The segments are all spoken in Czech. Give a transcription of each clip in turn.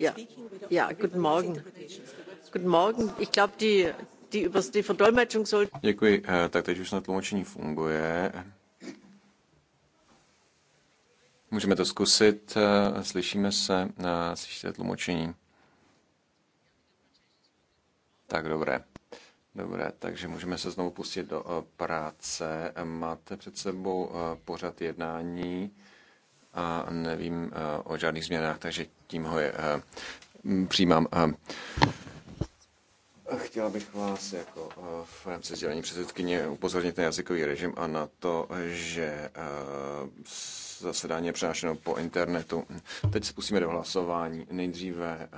Děkuji. Tak teď už na tlumočení funguje. Můžeme to zkusit. Eh, slyšíme se. Eh, slyšíte tlumočení? Tak dobré. Dobré, takže můžeme se znovu pustit do eh, práce. Máte před sebou pořad jednání a nevím eh, o žádných změnách, takže tím ho je eh, přijímám. Eh, Chtěla bych vás jako v rámci sdělení předsedkyně upozornit na jazykový režim a na to, že eh, zasedání je přenášeno po internetu. Teď se pustíme do hlasování. Nejdříve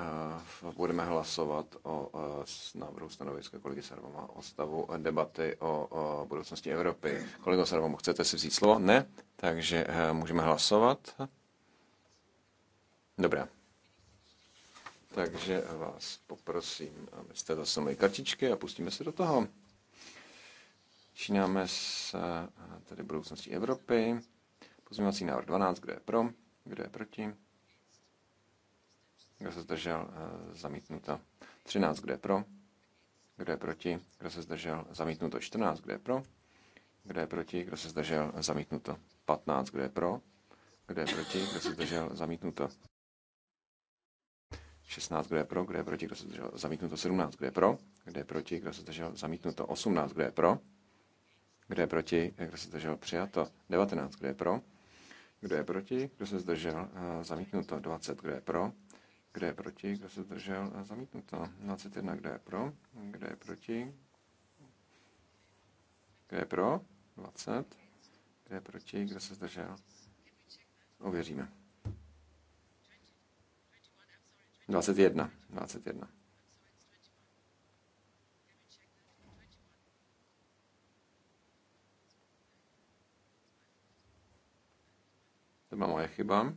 eh, budeme hlasovat o eh, návrhu stanoviska kolegy Sarvoma o stavu debaty o budoucnosti Evropy. Kolego Sarvamo, chcete si vzít slovo? Ne? Takže můžeme hlasovat. Dobrá. Takže vás poprosím, abyste zasunuli kartičky a pustíme se do toho. Začínáme s eh, tedy budoucností Evropy. Pozměňovací návrh 12, eh, kdo je pro, kdo je proti. Kdo se zdržel, zamítnuto. 13, kdo je pro, kdo je proti, kdo se zdržel, zamítnuto. 14, kdo je pro, kdo je proti, kdo se zdržel, zamítnuto. 15, kdo je pro, kdo je proti, kdo se zdržel, zamítnuto. 16, kdo je pro, kdo je proti, kdo se zdržel, zamítnuto 17, kdo je pro, kdo je proti, kdo se zdržel, zamítnuto 18, kdo je pro, kdo je proti, kdo se zdržel, přijato 19, kdo je pro, kdo je proti, kdo se zdržel, zamítnuto 20, kdo je pro, kdo je proti, kdo se zdržel, zamítnuto 21, kdo je pro, kdo je proti, kdo je pro, 20, kdo je proti, kdo se zdržel, ověříme. 21. 21. To byla moje chyba,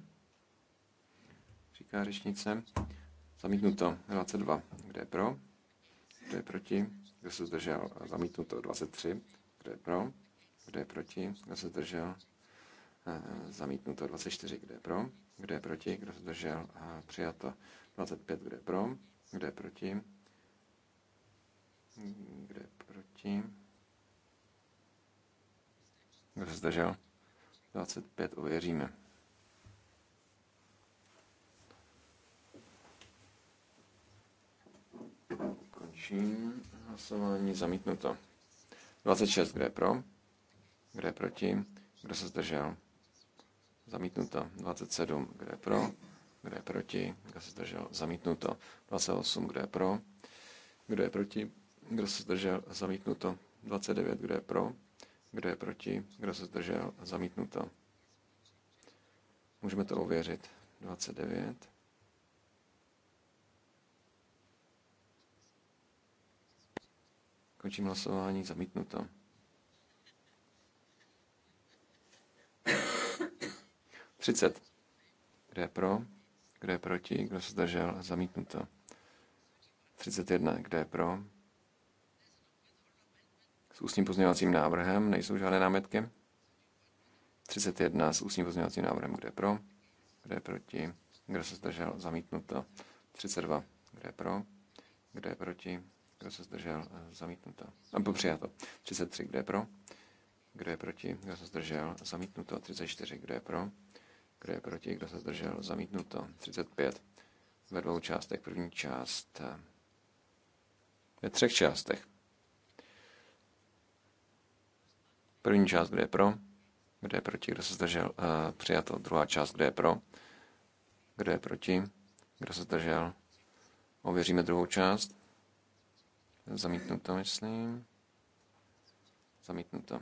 říká řečnice. Zamítnuto 22. Kde je pro? Kde je proti? Kdo se zdržel? Zamítnuto 23. Kde je pro? Kde je proti? Kdo se zdržel? Eh, zamítnuto 24. Kde je pro? kdo je proti, kdo se a přijato 25, kdo je pro, kdo je proti, kdo je proti, kdo se zdržel, 25 uvěříme. Končím hlasování, zamítnuto. 26, kdo je pro, kdo je proti, kdo se zdržel, Zamítnuto. 27. Kdo je pro? Kdo je proti? Kdo se zdržel? Zamítnuto. 28. Kdo je pro? Kdo je proti? Kdo se zdržel? Zamítnuto. 29. Kdo je pro? Kdo je proti? Kdo se zdržel? Zamítnuto. Můžeme to ověřit. 29. Končím hlasování. Zamítnuto. 30. Kdo je pro? Kdo je proti? Kdo se zdržel? Zamítnuto. 31. Kdo je pro? S ústním pozměňovacím návrhem nejsou žádné námetky. 31 s ústním pozměňovacím návrhem, kde je pro, kde je proti, kdo se zdržel, zamítnuto. 32, kde je pro, kde je proti, kdo se zdržel, zamítnuto. Nebo přijato. 33, kde je pro, kde je proti, kdo se zdržel, zamítnuto. 34, kde je pro, kdo je proti? Kdo se zdržel? Zamítnuto. 35. Ve dvou částech. První část. Eh, ve třech částech. První část, kde je pro, kde je proti, kdo se zdržel, uh, přijato. Druhá část, kde je pro, kdo je proti, kdo se zdržel. Ověříme druhou část. Zamítnuto, myslím. Zamítnuto.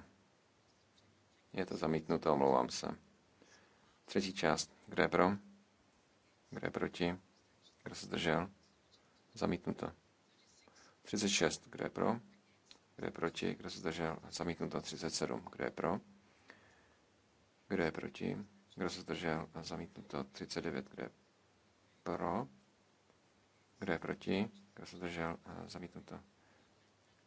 Je to zamítnuto, omlouvám se. Třetí část. Kdo je pro? Kdo je proti? Kdo se zdržel? Zamítnuto. 36. Kdo je pro? Kdo je proti? Kdo se zdržel? Zamítnuto. 37. Kdo je pro? Kdo je proti? Kdo se zdržel? Zamítnuto. 39. Kdo je pro? Kdo je proti? Kdo se zdržel? Zamítnuto.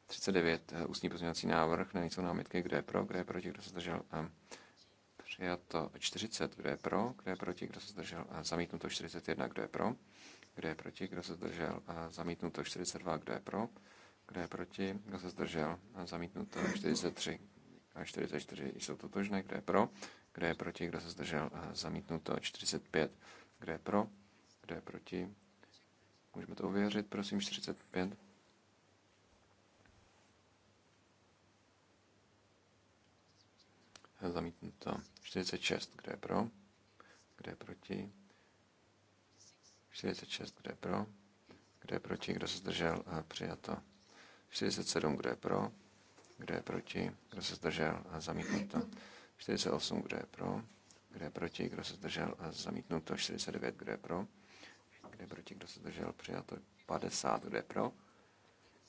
39. Ústní pozměňovací návrh. Není co námitky. Kdo je pro? Kdo je proti? Kdo se zdržel? Zamítnuto. Přijato 40, kdo je pro, kdo je proti, kdo se zdržel, zamítnuto 41, kdo je pro, kdo je proti, kdo se zdržel, zamítnuto 42, kdo je pro, kdo je proti, kdo se zdržel, zamítnuto 43 a 44 jsou totožné, kdo je pro, kdo je proti, kdo se zdržel, zamítnuto 45, kdo je pro, kdo je proti, můžeme to ověřit, prosím 45. zamítnuto. 46, kdo je pro, kdo je proti. 46, kdo je pro, kdo je proti, kdo se zdržel, přijato. 47, kdo je pro, kdo je proti, kdo se zdržel, zamítnuto. 48, kdo je pro, kdo je proti, kdo se zdržel, zamítnuto. 49, kdo je pro, kdo je proti, kdo se zdržel, přijato. 50, kdo je pro,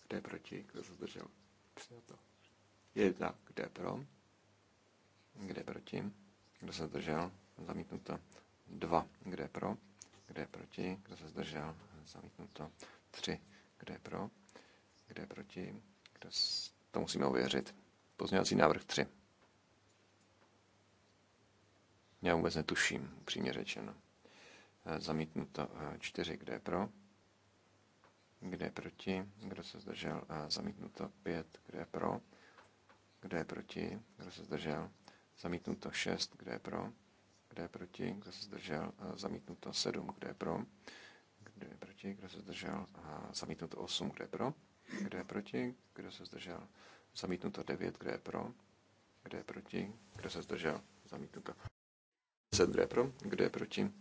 kdo je proti, kdo se zdržel, přijato. 1, kdo je pro, kde je proti, kdo se zdržel, zamítnuto. 2, kde je pro, kde je proti, kdo se zdržel, zamítnuto. 3, kde je pro, kde je proti, kdo s... to musíme ověřit. Pozměňovací návrh 3. Já vůbec netuším, přímě řečeno. E, zamítnuto 4, e, kde je pro, kde je proti, kdo se zdržel, e, zamítnuto 5, kde je pro, kde je proti, kdo se zdržel, zamítnuto 6, kde je pro, kde je proti, kdo se zdržel, zamítnuto 7, kde je pro, kdo je proti, kdo se zdržel, zamítnuto 8, kde je pro, kdo je proti, kdo se zdržel, zamítnuto 9, kde je pro, kde je proti, kdo se zdržel, zamítnuto 10, kde je pro, kdo je proti,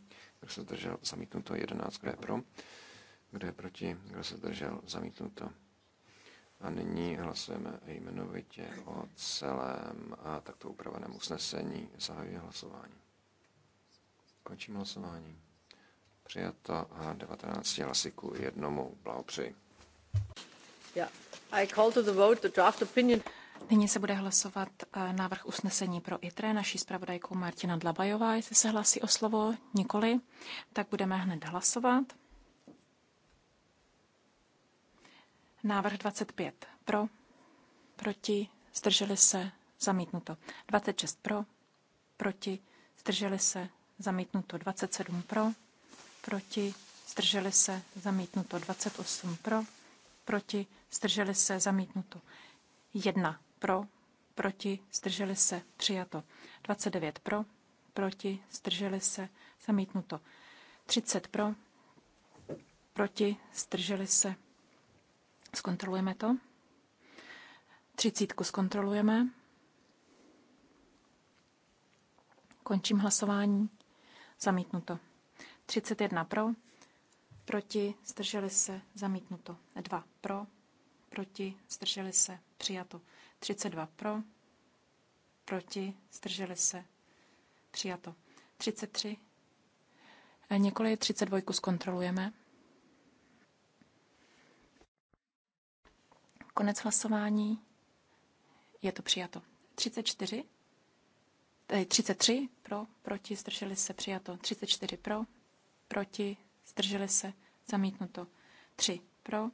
kdo se zdržel, zamítnuto 11, kde je pro, kdo je proti, kdo se zdržel, zamítnuto a nyní hlasujeme jmenovitě o celém a takto upraveném usnesení. Zahajuji hlasování. Končím hlasování. Přijato a 19 hlasy ku jednomu. Blahopřeji. Yeah. I call to the vote the draft opinion. Nyní se bude hlasovat eh, návrh usnesení pro ITRE naší zpravodajkou Martina Dlabajová. Jestli se hlasí o slovo nikoli, tak budeme hned hlasovat. Návrh 25 pro, proti, zdrželi se, zamítnuto. 26 pro, proti, zdrželi se, zamítnuto. 27 pro, proti, zdrželi se, zamítnuto. 28 pro, proti, zdrželi se, zamítnuto. 1 pro, proti, zdrželi se, přijato. 29 pro, proti, zdrželi se, zamítnuto. 30 pro, proti, zdrželi se, Zkontrolujeme to. Třicítku zkontrolujeme. Končím hlasování. Zamítnuto. 31 pro, proti, zdrželi se, zamítnuto. 2 pro, proti, zdrželi se, přijato. 32 pro, proti, zdrželi se, přijato. 33. Několik 32 zkontrolujeme. Konec hlasování. Je to přijato. 34. Tedy 33 pro, proti, zdrželi se, přijato. 34 pro, proti, zdrželi se, zamítnuto. 3 pro,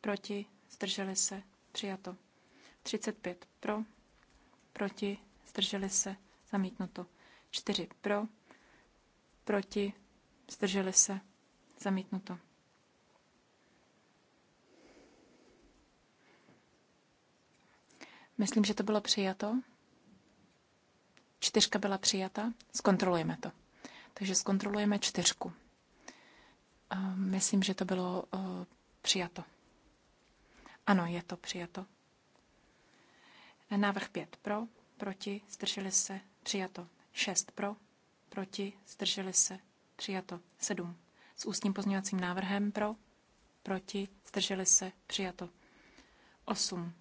proti, zdrželi se, přijato. 35 pro, proti, zdrželi se, zamítnuto. 4 pro, proti, zdrželi se, zamítnuto. Myslím, že to bylo přijato. Čtyřka byla přijata. Zkontrolujeme to. Takže zkontrolujeme čtyřku. Myslím, že to bylo eh, přijato. Ano, je to přijato. Návrh pět. pro, proti, zdrželi se, přijato. Šest. pro, proti, zdrželi se, přijato. Sedm. S ústním pozměňovacím návrhem pro, proti, zdrželi se, přijato. Osm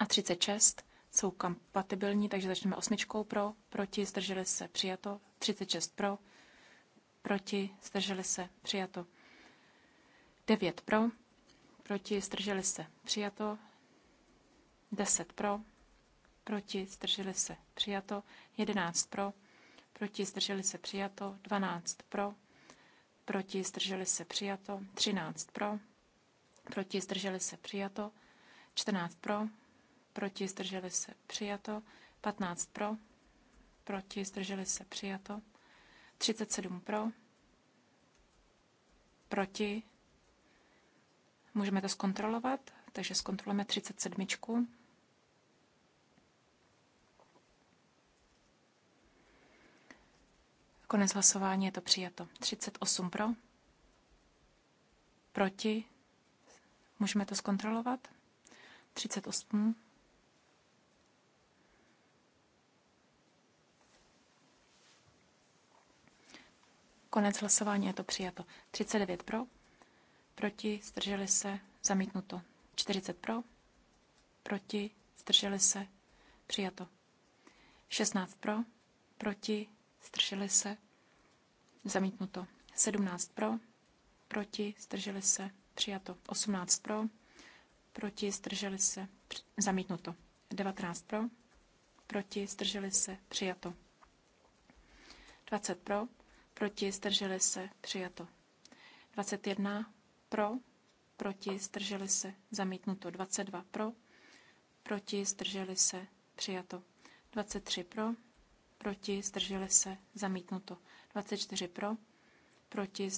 a 36 jsou kompatibilní, takže začneme osmičkou pro, proti, zdrželi se, přijato, 36 pro, proti, zdrželi se, přijato, 9 pro, proti, zdrželi se, přijato, 10 pro, proti, zdrželi se, přijato, 11 pro, proti, zdrželi se, přijato, 12 pro, proti, zdrželi se, přijato, 13 pro, proti, zdrželi se, přijato, 14 pro, proti zdrželi se přijato, 15 pro, proti zdrželi se přijato, 37 pro, proti, můžeme to zkontrolovat, takže zkontrolujeme 37. Konec hlasování je to přijato. 38 pro, proti, můžeme to zkontrolovat, 38 Konec hlasování je to přijato. 39 pro, proti, zdrželi se, zamítnuto. 40 pro, proti, zdrželi se, přijato. 16 pro, proti, zdrželi se, zamítnuto. 17 pro, proti, zdrželi se, přijato. 18 pro, proti, zdrželi se, zamítnuto. 19 pro, proti, zdrželi se, přijato. 20 pro, proti, zdrželi se, přijato. 21 pro, proti, zdrželi se, zamítnuto. 22 pro, proti, zdrželi se, přijato. 23 pro, proti, zdrželi se, zamítnuto. 24 pro, proti,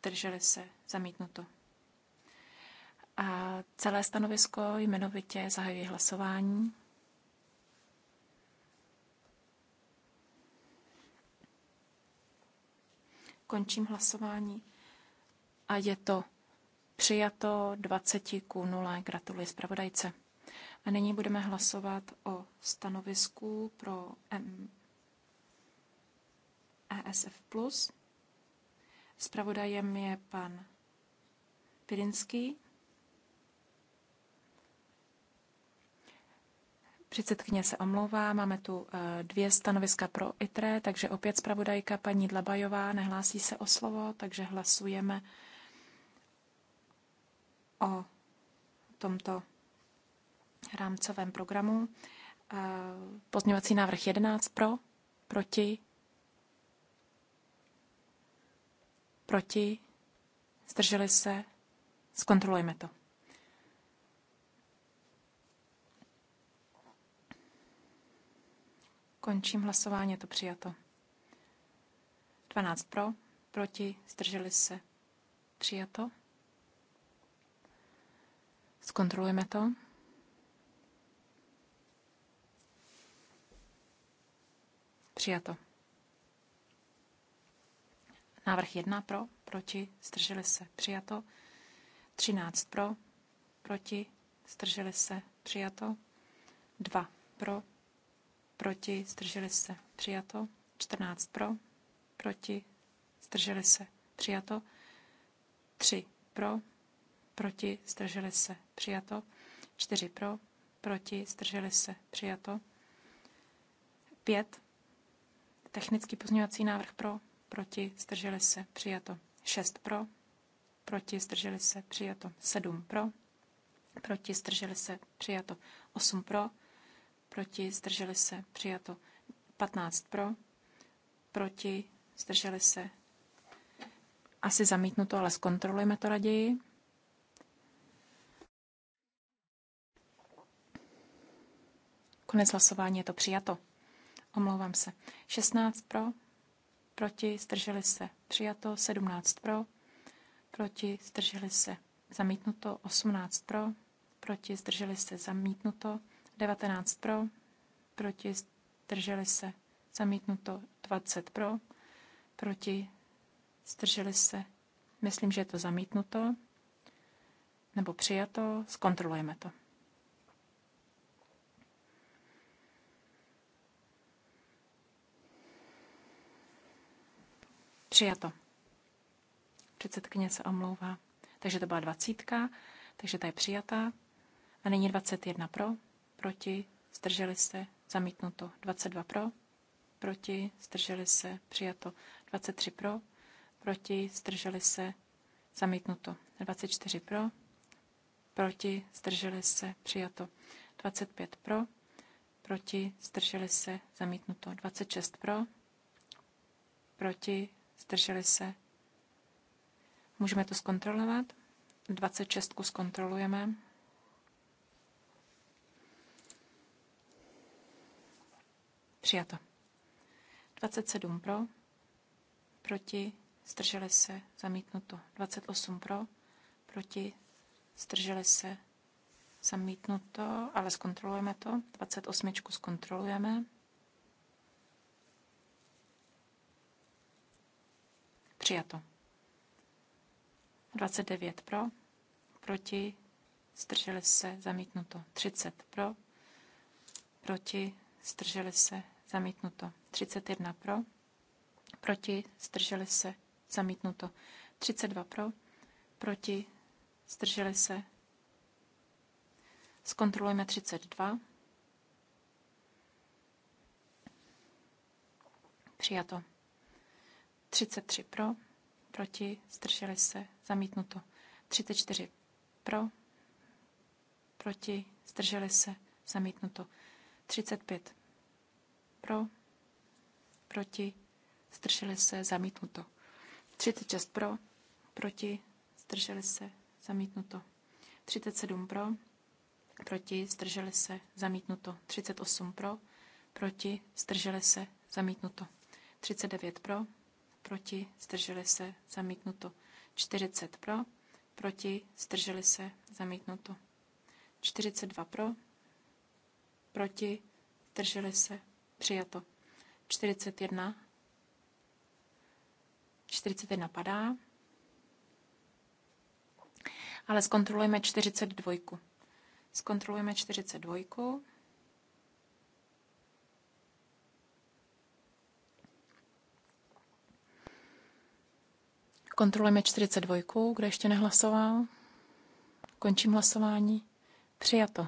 zdrželi se, zamítnuto. A celé stanovisko jmenovitě zahajuje hlasování. Končím hlasování. A je to přijato 20 k 0. Gratuluji zpravodajce. A nyní budeme hlasovat o stanovisku pro M- ESF+. Spravodajem je pan Pirinský. Předsedkyně se omlouvá, máme tu eh, dvě stanoviska pro ITRE, takže opět zpravodajka paní Dlabajová nehlásí se o slovo, takže hlasujeme o tomto rámcovém programu. Eh, pozměňovací návrh 11 pro, proti, proti, zdrželi se, zkontrolujeme to. Končím hlasování, je to přijato. 12 pro, proti, zdrželi se. Přijato. Zkontrolujeme to. Přijato. Návrh 1 pro, proti, zdrželi se. Přijato. 13 pro, proti, zdrželi se. Přijato. 2 pro, proti, zdrželi se, přijato. 14 pro, proti, zdrželi se, přijato. 3 pro, proti, zdrželi se, přijato. 4 pro, proti, zdrželi se, přijato. 5. Technický pozměňovací návrh pro, proti, zdrželi se, přijato. 6 pro, proti, zdrželi se, přijato. 7 pro, proti, zdrželi se, přijato. 8 pro, proti, zdrželi se, přijato. 15 pro, proti, zdrželi se. Asi zamítnuto. ale zkontrolujeme to raději. Konec hlasování je to přijato. Omlouvám se. 16 pro, proti, zdrželi se. Přijato 17 pro, proti, zdrželi se. Zamítnuto 18 pro, proti, zdrželi se. Zamítnuto 19 pro, proti, zdrželi se, zamítnuto 20 pro, proti, zdrželi se, myslím, že je to zamítnuto, nebo přijato, zkontrolujeme to. Přijato. Předsedkyně se omlouvá. Takže to byla dvacítka, takže ta je přijatá. A nyní 21 pro, proti, zdrželi se, zamítnuto 22 pro, proti, zdrželi se, přijato 23 pro, proti, zdrželi se, zamítnuto 24 pro, proti, zdrželi se, přijato 25 pro, proti, zdrželi se, zamítnuto 26 pro, proti, zdrželi se. Můžeme to zkontrolovat? 26 zkontrolujeme. Přijato. 27 pro, proti, zdrželi se, zamítnuto. 28 pro, proti, zdrželi se, zamítnuto, ale zkontrolujeme to. 28 zkontrolujeme. Přijato. 29 pro, proti, zdrželi se, zamítnuto. 30 pro, proti, zdrželi se, zamítnuto. 31 pro, proti, zdrželi se, zamítnuto. 32 pro, proti, zdrželi se. Zkontrolujeme 32. Přijato. 33 pro, proti, zdrželi se, zamítnuto. 34 pro, proti, zdrželi se, zamítnuto. 35 pro, proti, zdrželi se, zamítnuto. 36 pro, proti, zdrželi se, zamítnuto. 37 pro, proti, zdrželi se, zamítnuto. 38 pro, proti, zdrželi se, zamítnuto. 39 pro, proti, zdrželi se, zamítnuto. 40 pro, proti, zdrželi se, zamítnuto. 42 pro, proti, zdrželi se, Přijato. 41. 41 padá. Ale zkontrolujeme 42. Zkontrolujeme 42. Kontrolujeme 42, kdo ještě nehlasoval. Končím hlasování. Přijato.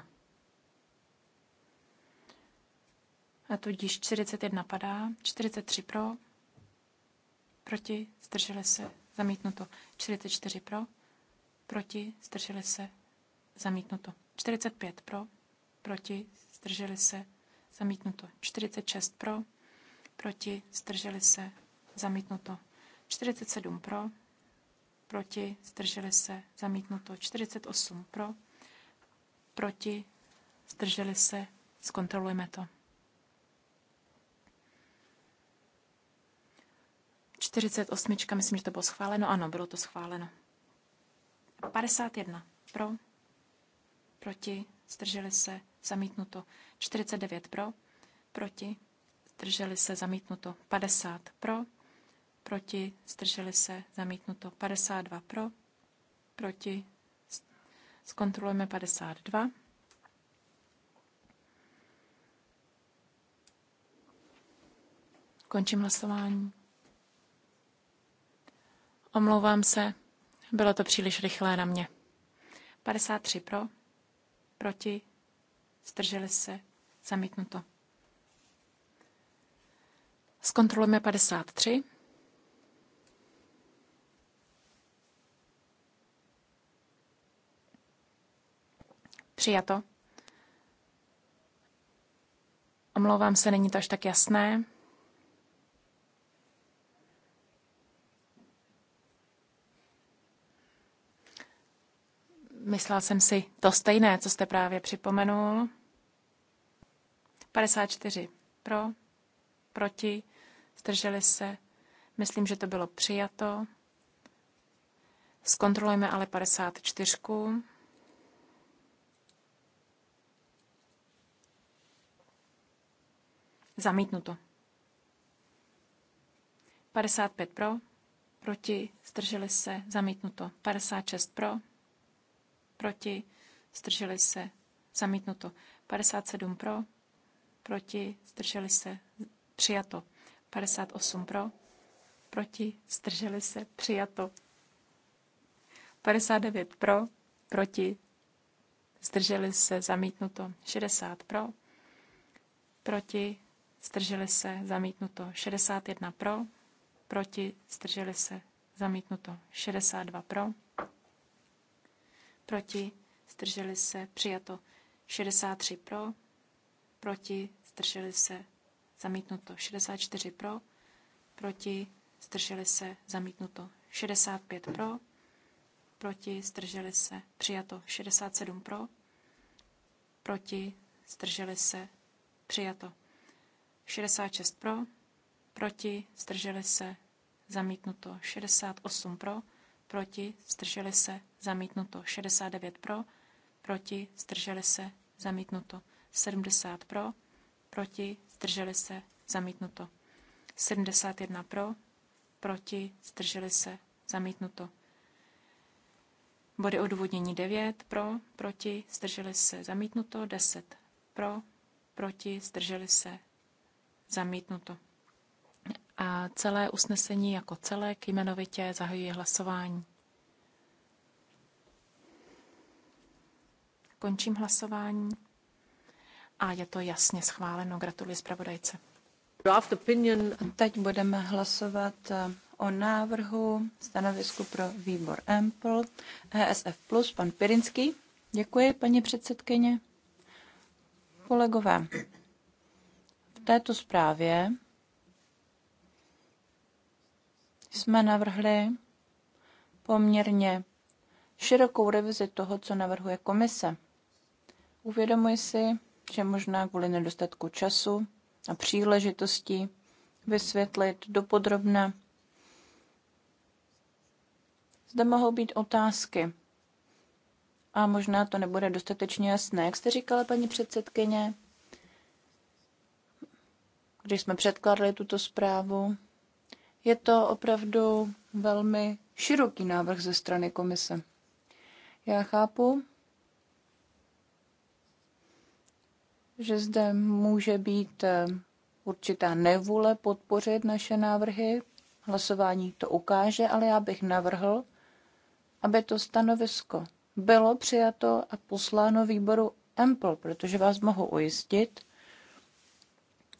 a tudíž 41 padá, 43 pro, proti, zdrželi se, zamítnuto, 44 pro, proti, zdrželi se, zamítnuto, 45 pro, proti, zdrželi se, zamítnuto, 46 pro, proti, zdrželi se, zamítnuto, 47 pro, proti, zdrželi se, zamítnuto, 48 pro, proti, zdrželi se, zkontrolujeme to. 48, myslím, že to bylo schváleno. Ano, bylo to schváleno. 51 pro, proti, zdrželi se, zamítnuto. 49 pro, proti, zdrželi se, zamítnuto. 50 pro, proti, zdrželi se, zamítnuto. 52 pro, proti, zkontrolujeme 52. Končím hlasování. Omlouvám se, bylo to příliš rychlé na mě. 53 pro, proti, zdrželi se, zamítnuto. Zkontrolujeme 53. Přijato. Omlouvám se, není to až tak jasné. Myslela jsem si to stejné, co jste právě připomenul. 54 pro, proti, zdrželi se. Myslím, že to bylo přijato. Zkontrolujeme ale 54. Zamítnuto. 55 pro, proti, zdrželi se, zamítnuto. 56 pro, proti, zdrželi se, zamítnuto. 57 pro, proti, zdrželi se, přijato. 58 pro, proti, zdrželi se, přijato. 59 pro, proti, zdrželi se, zamítnuto. 60 pro, proti, zdrželi se, zamítnuto. 61 pro, proti, zdrželi se, zamítnuto. 62 pro, proti, zdrželi se, přijato 63 pro, proti, zdrželi se, zamítnuto 64 pro, proti, zdrželi se, zamítnuto 65 pro, proti, zdrželi se, přijato 67 pro, proti, zdrželi se, přijato 66 pro, proti, zdrželi se, zamítnuto 68 pro, proti, zdrželi se, zamítnuto. 69 pro, proti, zdrželi se, zamítnuto. 70 pro, proti, zdrželi se, zamítnuto. 71 pro, proti, zdrželi se, zamítnuto. Body odůvodnění 9 pro, proti, zdrželi se, zamítnuto. 10 pro, proti, zdrželi se, zamítnuto a celé usnesení jako celek jmenovitě zahajuji hlasování. Končím hlasování a je to jasně schváleno. Gratuluji zpravodajce. Teď budeme hlasovat eh, o návrhu stanovisku pro výbor EMPL ESF+, plus, pan Pirinský. Děkuji, paní předsedkyně. Kolegové, v této zprávě jsme navrhli poměrně širokou revizi toho, co navrhuje komise. Uvědomuji si, že možná kvůli nedostatku času a příležitosti vysvětlit dopodrobna. Zde mohou být otázky. A možná to nebude dostatečně jasné. Jak jste říkala, paní předsedkyně, když jsme předkládali tuto zprávu, je to opravdu velmi široký návrh ze strany komise. Já chápu, že zde může být eh, určitá nevůle podpořit naše návrhy. Hlasování to ukáže, ale já bych navrhl, aby to stanovisko bylo přijato a posláno výboru EMPL, protože vás mohu ujistit,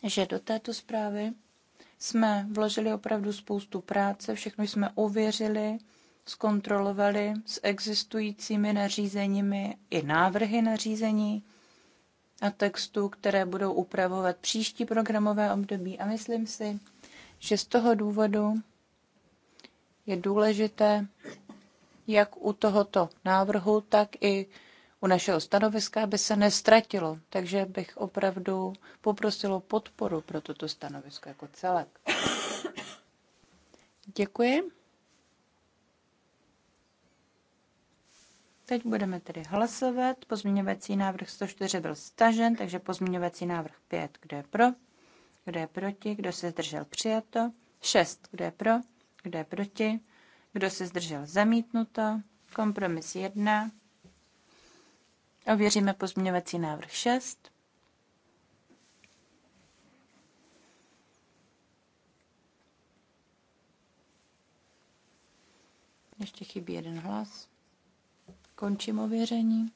že do této zprávy jsme vložili opravdu spoustu práce, všechno jsme ověřili, zkontrolovali s existujícími nařízeními i návrhy nařízení a textů, které budou upravovat příští programové období. A myslím si, že z toho důvodu je důležité, jak u tohoto návrhu, tak i u našeho stanoviska, aby se nestratilo. Takže bych opravdu poprosilo podporu pro toto stanovisko jako celek. Děkuji. Teď budeme tedy hlasovat. Pozměňovací návrh 104 byl stažen, takže pozměňovací návrh 5, kdo je pro, kdo je proti, kdo se zdržel přijato, 6, kdo je pro, kdo je proti, kdo se zdržel zamítnuto, kompromis 1, Ověříme pozměňovací návrh 6. Ještě chybí jeden hlas. Končím ověření.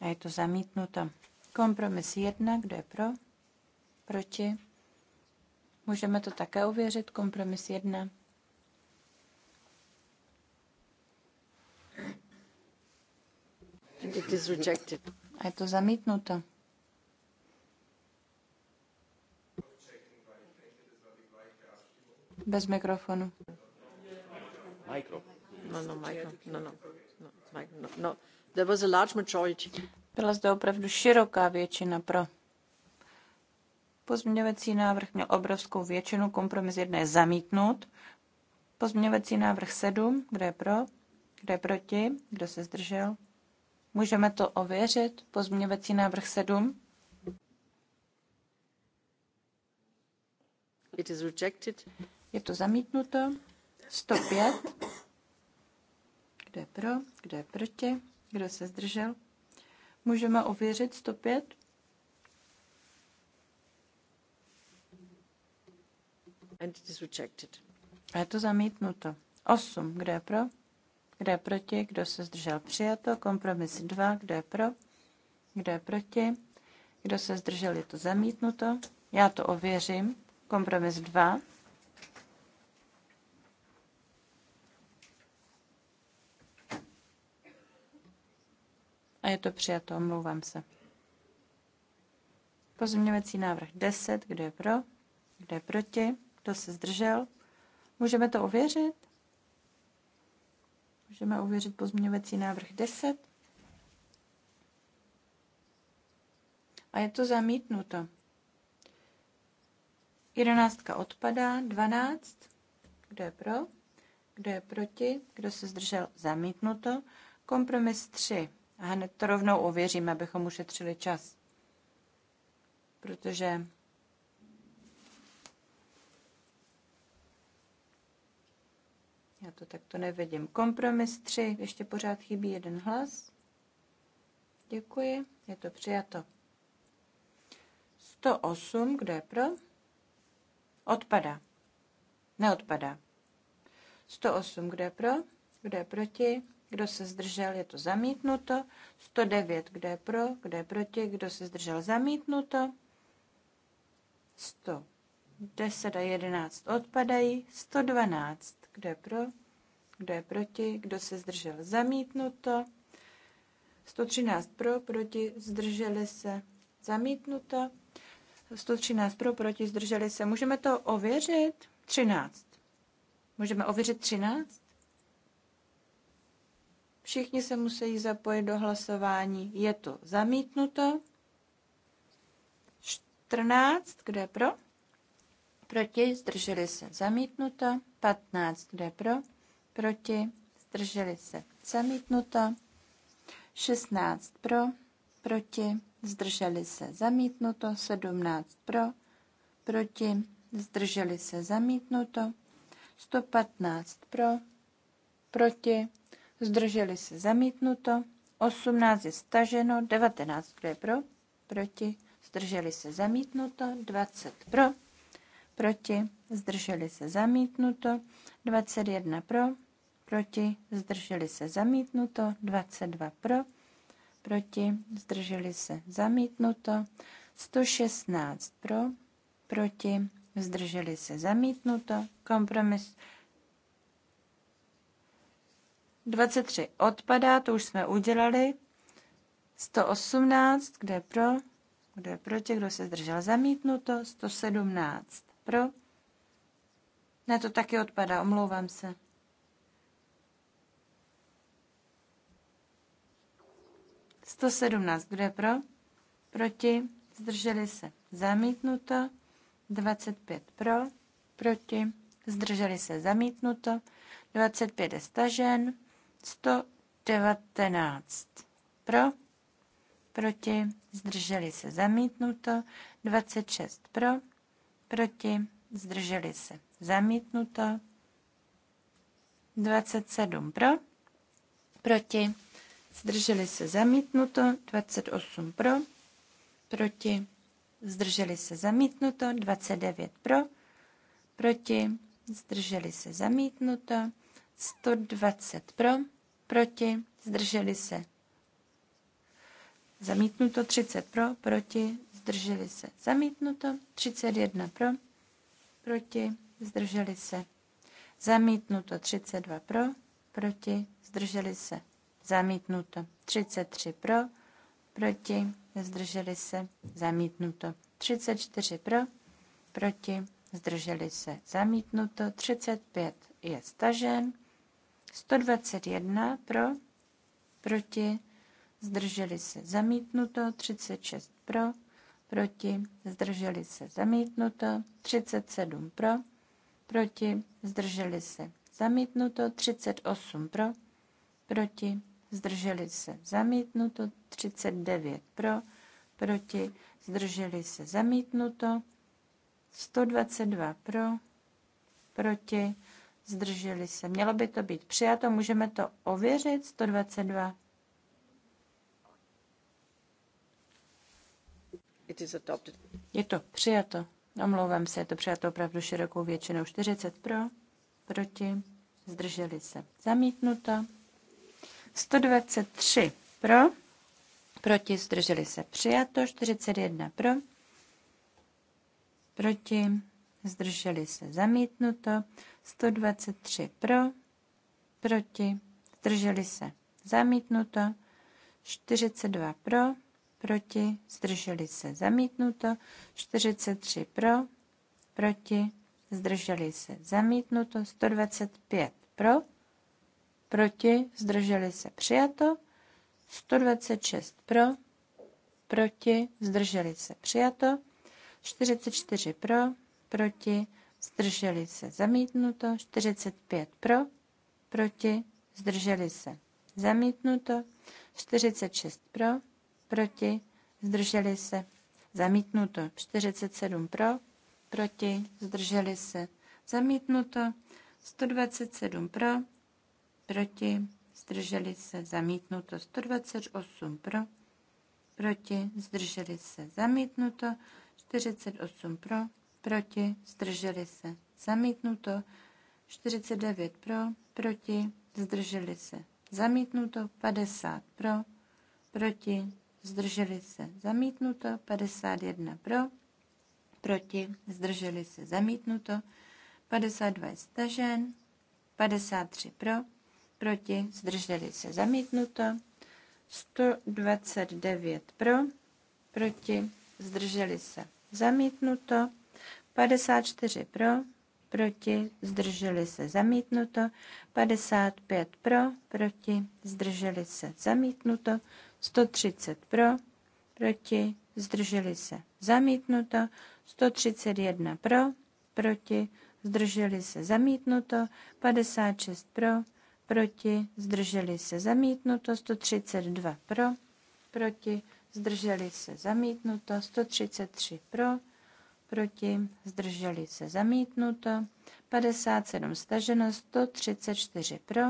A je to zamítnuto. Kompromis 1, kdo je pro? Proti? Můžeme to také ověřit. Kompromis 1. It is rejected. A je to zamítnuto. Bez mikrofonu. Mikro. No, no, mikro. No, no. No, no, no. There was a large majority. Byla zde opravdu široká většina pro. Pozměňovací návrh měl obrovskou většinu, kompromis jedné je zamítnut. Pozměňovací návrh 7, kde je pro, kde je proti, kdo se zdržel, Můžeme to ověřit? Pozměňovací návrh 7. It is rejected. Je to zamítnuto. 105. Kdo je pro? Kdo je proti? Kdo se zdržel? Můžeme ověřit 105? And it is rejected. A je to zamítnuto. 8. Kdo je pro? Kdo je proti? Kdo se zdržel? Přijato. Kompromis 2. Kdo je pro? Kdo je proti? Kdo se zdržel? Je to zamítnuto. Já to ověřím. Kompromis 2. A je to přijato, omlouvám se. Pozměňovací návrh 10, kdo je pro, kdo je proti, kdo se zdržel. Můžeme to ověřit? Můžeme ověřit pozměňovací návrh 10. A je to zamítnuto. 11. odpadá, 12. Kdo je pro? Kdo je proti? Kdo se zdržel? Zamítnuto. Kompromis 3. A hned to rovnou ověříme, abychom ušetřili čas. Protože Já to takto nevidím. Kompromis 3. Ještě pořád chybí jeden hlas. Děkuji. Je to přijato. 108. Kdo je pro? Odpada. Neodpada. 108. Kdo je pro? Kdo je proti? Kdo se zdržel? Je to zamítnuto. 109. Kdo je pro? Kdo je proti? Kdo se zdržel? Zamítnuto. 110 a 11 odpadají, 112. Kdo je pro? Kdo je proti? Kdo se zdržel? Zamítnuto. 113 pro, proti, zdrželi se. Zamítnuto. 113 pro, proti, zdrželi se. Můžeme to ověřit? 13. Můžeme ověřit 13? Všichni se musí zapojit do hlasování. Je to zamítnuto. 14, kde je pro? proti, zdrželi se, zamítnuto, 15, kdo je pro, proti, zdrželi se, zamítnuto, 16 pro, proti, zdrželi se, zamítnuto, 17 pro, proti, zdrželi se, zamítnuto, 115 pro, proti, zdrželi se, zamítnuto, 18 je staženo, 19 kdo je pro, proti, zdrželi se, zamítnuto, 20 pro, proti, zdrželi se zamítnuto, 21 pro, proti, zdrželi se zamítnuto, 22 pro, proti, zdrželi se zamítnuto, 116 pro, proti, zdrželi se zamítnuto, kompromis 23 odpadá, to už jsme udělali, 118, kde pro, kde proti, kdo se zdržel zamítnuto, 117 pro? Ne, to taky odpadá, omlouvám se. Sto sedmnáct, kdo je pro? Proti? Zdrželi se. Zamítnuto. 25 pro. Proti? Zdrželi se. Zamítnuto. pět je stažen. 119 pro. Proti? Zdrželi se. Zamítnuto. 26 pro proti, zdrželi se, zamítnuto. 27 pro, proti, zdrželi se, zamítnuto. 28 pro, proti, zdrželi se, zamítnuto. 29 pro, proti, zdrželi se, zamítnuto. 120 pro, proti, zdrželi se, Zamítnuto 30 pro, proti, zdrželi se, zamítnuto. 31 pro, proti, zdrželi se, zamítnuto. 32 pro, proti, zdrželi se, zamítnuto. 33 pro, proti, zdrželi se, zamítnuto. 34 pro, proti, zdrželi se, zamítnuto. 35 je stažen. 121 pro, proti, zdrželi se, zamítnuto. 36 pro, proti, zdrželi se zamítnuto, 37 pro, proti, zdrželi se zamítnuto, 38 pro, proti, zdrželi se zamítnuto, 39 pro, proti, zdrželi se zamítnuto, 122 pro, proti, zdrželi se. Mělo by to být přijato, můžeme to ověřit, 122 It is adopted. Je to přijato. Omlouvám se, je to přijato opravdu širokou většinou. 40 pro, proti, zdrželi se. Zamítnuto. 123 pro, proti, zdrželi se. Přijato. 41 pro, proti, zdrželi se. Zamítnuto. 123 pro, proti, zdrželi se. Zamítnuto. 42 pro, proti, zdrželi se zamítnuto, 43 pro, proti, zdrželi se zamítnuto, 125 pro, proti, zdrželi se přijato, 126 pro, proti, zdrželi se přijato, 44 pro, proti, zdrželi se zamítnuto, 45 pro, proti, zdrželi se zamítnuto, 46 pro, proti, zdrželi se, zamítnuto. 47 pro, proti, zdrželi se, zamítnuto. 127 pro, proti, zdrželi se, zamítnuto. 128 pro, proti, zdrželi se, zamítnuto. 48 pro, proti, zdrželi se, zamítnuto. 49 pro, proti, zdrželi se, zamítnuto. 50 pro, proti, zdrželi se zamítnuto, 51 pro, proti, zdrželi se zamítnuto, 52 je stažen, 53 pro, proti, zdrželi se zamítnuto, 129 pro, proti, zdrželi se zamítnuto, 54 pro, proti, zdrželi se zamítnuto, 55 pro, proti, zdrželi se zamítnuto, 130 pro, proti, zdrželi se zamítnuto, 131 pro, proti, zdrželi se zamítnuto, 56 pro, proti, zdrželi se zamítnuto, 132 pro, proti, zdrželi se zamítnuto, 133 pro, proti, zdrželi se zamítnuto, 57 staženo, 134 pro,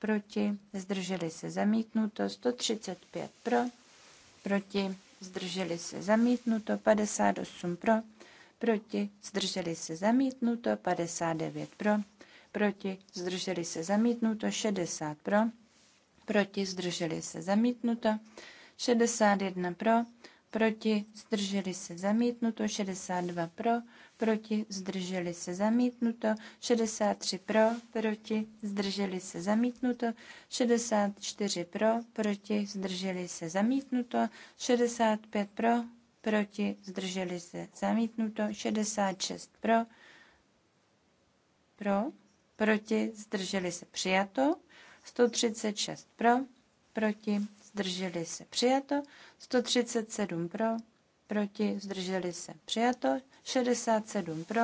proti, zdrželi se zamítnuto, 135 pro, proti, zdrželi se zamítnuto, 58 pro, proti, zdrželi se zamítnuto, 59 pro, proti, zdrželi se zamítnuto, 60 pro, proti, zdrželi se zamítnuto, 61 pro, proti, zdrželi se zamítnuto, 62 pro, proti, zdrželi se zamítnuto, 63 pro, proti, zdrželi se zamítnuto, 64 pro, proti, zdrželi se zamítnuto, 65 pro, proti, zdrželi se zamítnuto, 66 pro, pro, proti, zdrželi se přijato, 136 pro, proti, zdrželi se přijato, 137 pro, proti, zdrželi se přijato, 67 pro,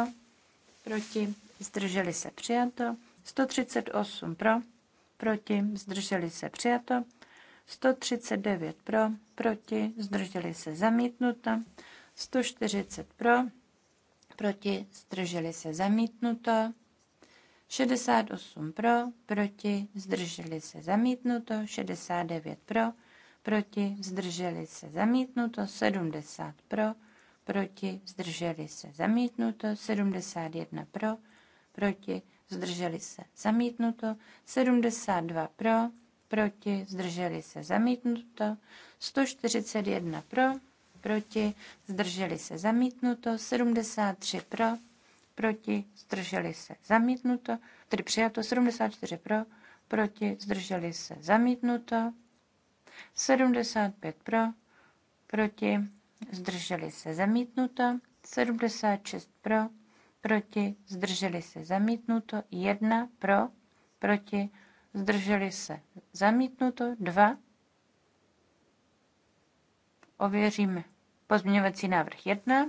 proti, zdrželi se přijato, 138 pro, proti, zdrželi se přijato, 139 pro, proti, zdrželi se zamítnuto, 140 pro, proti, zdrželi se zamítnuto, 68 pro, proti, zdrželi se zamítnuto, 69 pro, proti, zdrželi se zamítnuto, 70 pro, proti, zdrželi se zamítnuto, 71 pro, proti, zdrželi se zamítnuto, 72 pro, proti, zdrželi se zamítnuto, 141 pro, proti, zdrželi se zamítnuto, 73 pro, proti, zdrželi se, zamítnuto, tedy přijato 74 pro, proti, zdrželi se, zamítnuto, 75 pro, proti, zdrželi se, zamítnuto, 76 pro, proti, zdrželi se, zamítnuto, 1 pro, proti, zdrželi se, zamítnuto, 2, ověříme pozměňovací návrh 1,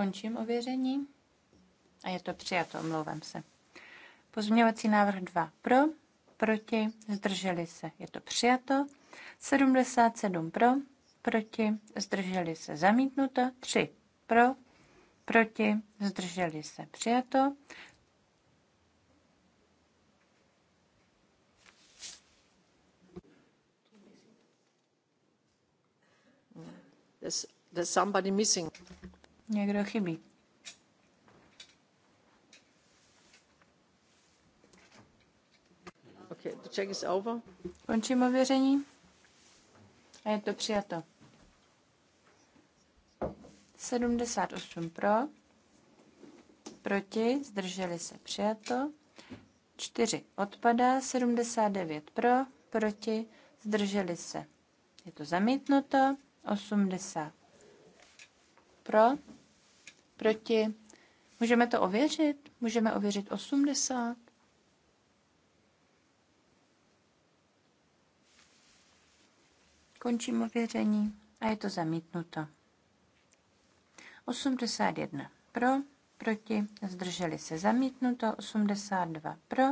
Končím ověření. A je to přijato, omlouvám se. Pozměňovací návrh 2 pro, proti, zdrželi se. Je to přijato. 77 pro, proti, zdrželi se. Zamítnuto. 3 pro, proti, zdrželi se. Přijato. Does there's somebody missing. Někdo chybí. Okay, the check is over. Končím ověření. A je to přijato. 78 pro, proti, zdrželi se, přijato. 4 odpadá, 79 pro, proti, zdrželi se. Je to zamítnuto, 80 pro, proti. Můžeme to ověřit? Můžeme ověřit 80? Končím ověření a je to zamítnuto. 81 pro, proti, zdrželi se zamítnuto, 82 pro,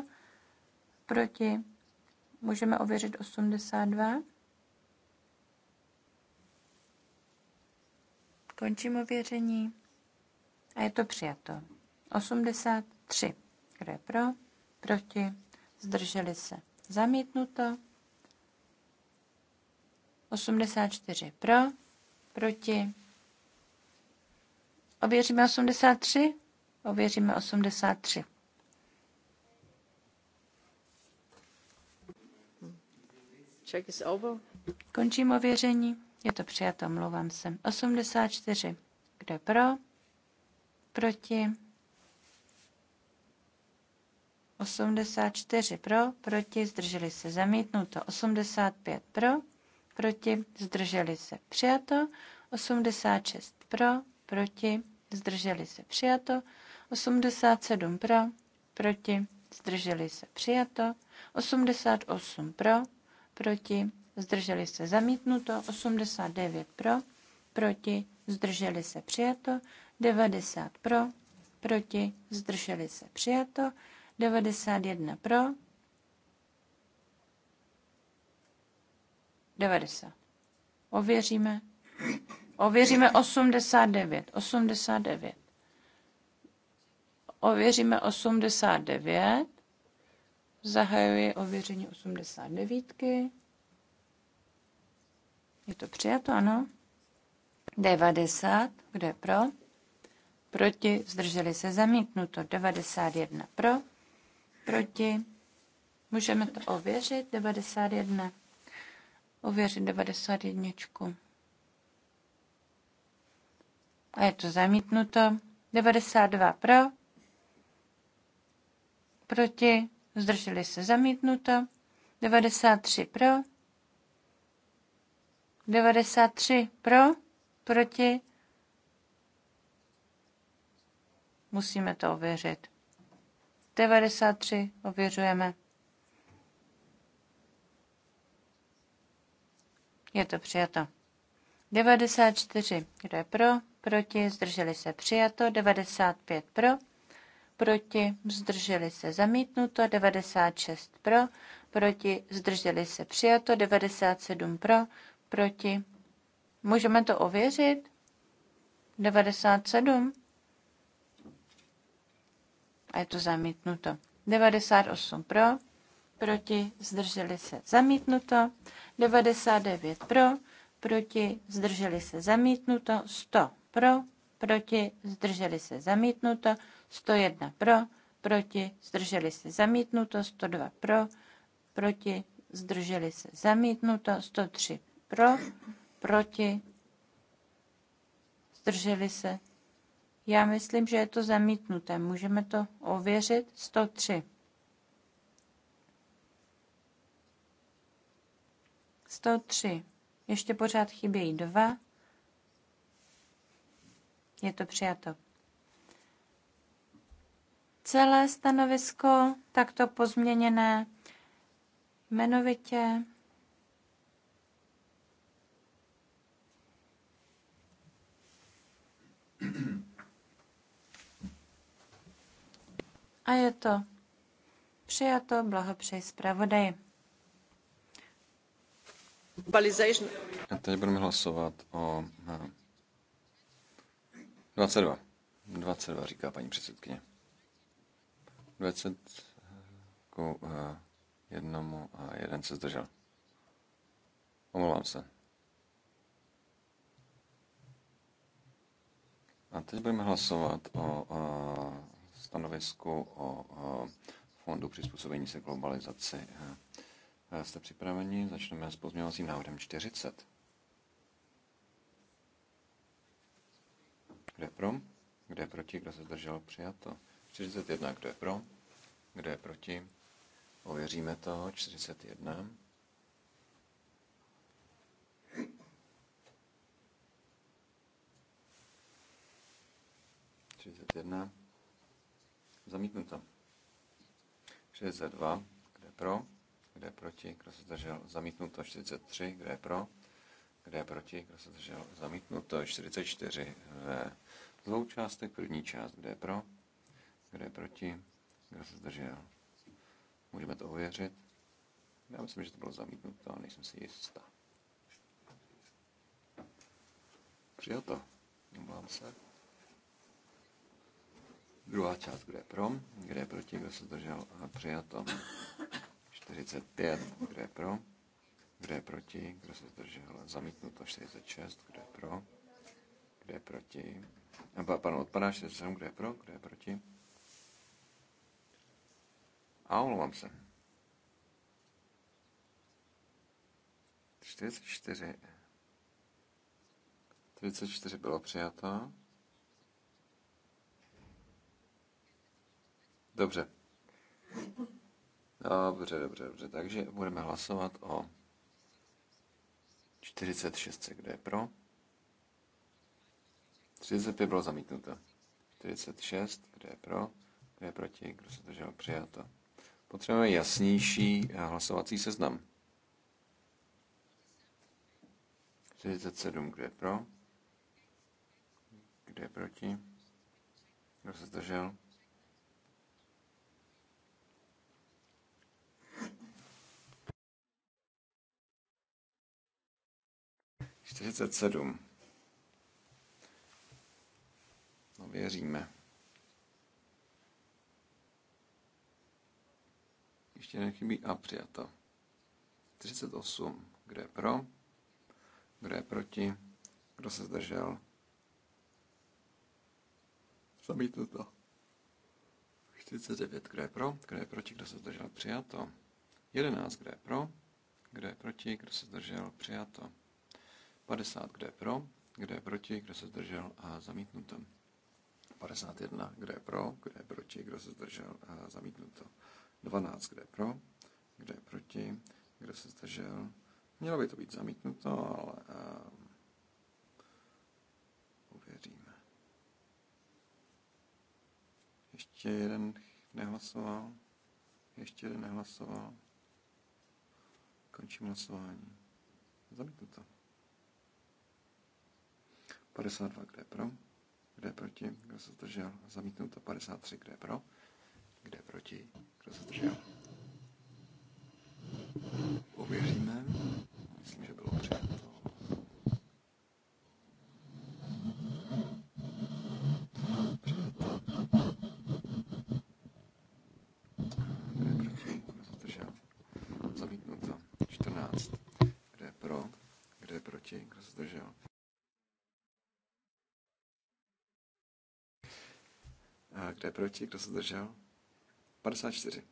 proti, můžeme ověřit 82. Končím ověření a je to přijato. 83. Kdo je pro? Proti? Zdrželi se. Zamítnuto. 84 pro, proti. Ověříme 83? Ověříme 83. Check is over. Končím ověření. Je to přijato, mluvám se. 84. Kdo je pro? proti, 84 pro, proti, zdrželi se zamítnuto, 85 pro, proti, zdrželi se přijato, 86 pro, proti, zdrželi se přijato, 87 pro, proti, zdrželi se přijato, 88 pro, proti, zdrželi se zamítnuto, 89 pro, proti, zdrželi se přijato, 90 pro, proti, zdrželi se přijato, 91 pro, 90. Ověříme. Ověříme 89. 89. Ověříme 89. Zahajuji ověření 89. Je to přijato, ano? 90, kdo je pro? Proti, zdrželi se zamítnuto. 91 pro, proti. Můžeme to ověřit, 91. Ověřit 91. A je to zamítnuto. 92 pro, proti, zdrželi se zamítnuto. 93 pro, 93 pro, Proti? Musíme to ověřit. 93 ověřujeme. Je to přijato. 94. Kdo je pro? Proti? Zdrželi se přijato. 95 pro. Proti? Zdrželi se zamítnuto. 96 pro. Proti? Zdrželi se přijato. 97 pro. Proti? Můžeme to ověřit? 97. A je to zamítnuto. 98 pro, proti, zdrželi se, zamítnuto. 99 pro, proti, zdrželi se, zamítnuto. 100 pro, proti, zdrželi se, zamítnuto. 101 pro, proti, zdrželi se, zamítnuto. 102 pro, proti, zdrželi se, zamítnuto. 103 pro, proti, zdrželi se. Já myslím, že je to zamítnuté. Můžeme to ověřit. 103. 103. Ještě pořád chybějí dva. Je to přijato. Celé stanovisko takto pozměněné jmenovitě A je to přijato, blahopřeji zpravodaji. A teď budeme hlasovat o 22. Eh, 22 říká paní předsedkyně. 20 eh, k eh, jednomu a jeden se zdržel. Omlouvám se. A teď budeme hlasovat o, o stanovisku o fondu přizpůsobení se globalizaci. Jste připraveni? Začneme s pozměňovacím návrhem 40. Kdo je pro? Kdo je proti? Kdo se zdržel? Přijato. 41. Kdo je pro? Kdo je proti? Ověříme to. 41. jedna. Zamítnuto. 42, kde pro, kde proti, kdo se zdržel, zamítnuto. 43, kde pro, kde proti, kdo se zdržel, zamítnuto. 44 ve dvou částech, první část, kde pro, kde proti, kdo se zdržel. Můžeme to ověřit. Já myslím, že to bylo zamítnuto, ale nejsem si jistá. to? Omlouvám se. Druhá část, kde je pro, kde je proti, kdo se držel a přijato. 45, kde je pro, kde je proti, kdo se zdržel, zamítnuto 46, kde je pro, kde je proti, a pan odpadá 47, kde je pro, kde je proti. A omlouvám se. 44. 34 bylo přijato. Dobře. Dobře, dobře, dobře. Takže budeme hlasovat o 46. kde je pro? 35 bylo zamítnuto. 46, kde je pro? Kde je proti? Kdo se držel? Přijato. Potřebujeme jasnější hlasovací seznam. 47, kde je pro? Kde je proti? Kdo se zdržel? 47. No věříme. Ještě nechybí a přijato. 38. Kdo je pro? Kdo je proti? Kdo se zdržel? to. 49. Kdo je pro? Kdo je proti? Kdo se zdržel? Přijato. 11. Kdo je pro? Kdo je proti? Kdo se zdržel? Přijato. 50, kde je pro, kde je proti, kdo se zdržel a zamítnuto. 51, kde je pro, kde je proti, kdo se zdržel a zamítnuto. 12, kde je pro, kde je proti, kdo se zdržel. Mělo by to být zamítnuto, ale uh, uvěříme. Ještě jeden nehlasoval. Ještě jeden nehlasoval. Končím hlasování. Zamítnuto. to. 52, kde je pro, kde je proti, kdo se zdržel, to 53, kde je pro, kde je proti, kdo se zdržel. Ověříme. kdo je proti, kdo se zdržel? 54.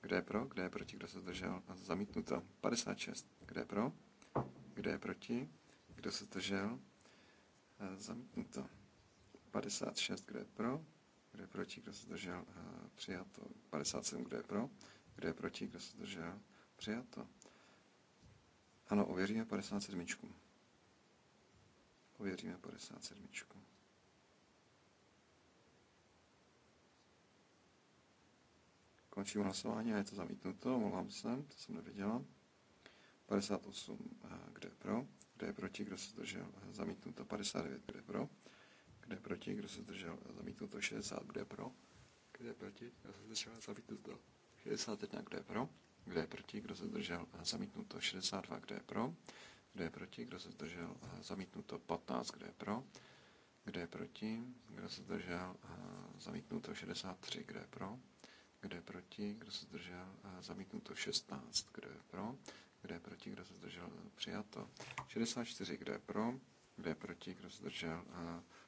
Kdo je pro, kdo je proti, kdo se zdržel? Zamítnuto. 56. Kdo je pro, kdo je proti, kdo se zdržel? Zamítnuto. 56. Kdo je pro, kdo je proti, kdo se zdržel? Přijato. 57. Kdo je pro, kdo je proti, kdo se zdržel? Přijato. Ano, ověříme 57. Ověříme 57. Končím hlasování a je to zamítnuto, omlouvám se, to jsem neviděla. 58, eh, kde je pro, kde eh, eh, je proti, kdo se zdržel, zamítnuto 59, kde je pro, kde je proti, kdo se zdržel, zamítnuto 60, kde je pro, kde je proti, kdo se zdržel, zamítnuto 61, kde je pro, kde je proti, kdo se zdržel, zamítnuto 62, kde je pro, kde je proti, kdo se zdržel, zamítnuto 15, kde je pro, kde je proti, kdo se zdržel, zamítnuto 63, kde je pro, kdo je proti, kdo se zdržel, zamítnuto 16, kdo je pro, kdo je proti, kdo se zdržel, přijato 64, kdo je pro, kdo je proti, kdo se zdržel,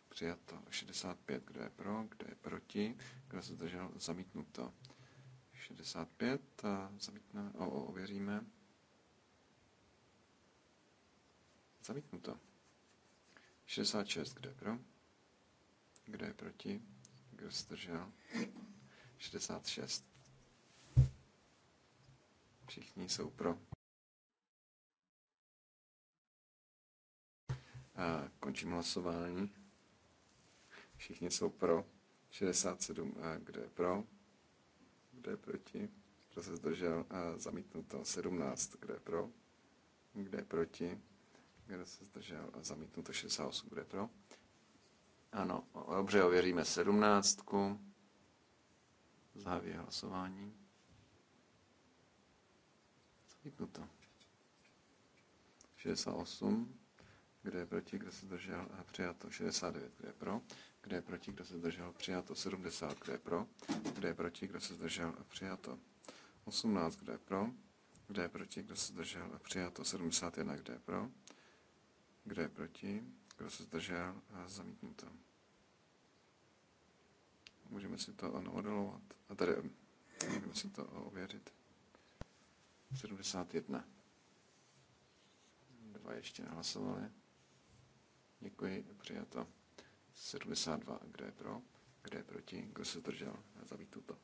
přijato 65, kdo je pro, kdo je proti, kdo se zdržel, zamítnuto 65, zamítne, o, o, ověříme, zamítnuto 66, kdo je pro, kdo je proti, kdo se zdržel, 66. Všichni jsou pro. A končím hlasování. Všichni jsou pro. 67, A kdo je pro, kdo je proti, kdo se zdržel, a zamítnuto 17, kdo je pro, kdo je proti, kdo se zdržel, a zamítnuto 68, kdo je pro. Ano, dobře, ověříme 17. Zahajuji hlasování. Zamítnuto. 68. kde eh, je proti, kdo se zdržel? Přijato 69. kde je pro? kde je proti, kdo se zdržel? Eh, přijato 70. kde je pro? kde je proti, kdo se zdržel? Eh, přijato 18. kde je pro? kde je proti, kdo se zdržel? Přijato 71. kde je pro? kde je proti, kdo se zdržel? Zamítnuto. Můžeme si to odolovat. A tady eh, můžeme si to eh, ověřit. 71. Dva ještě nehlasovali. Děkuji, přijato. 72. Kdo je pro? Kdo je proti? Kdo se držel? Zavítu to.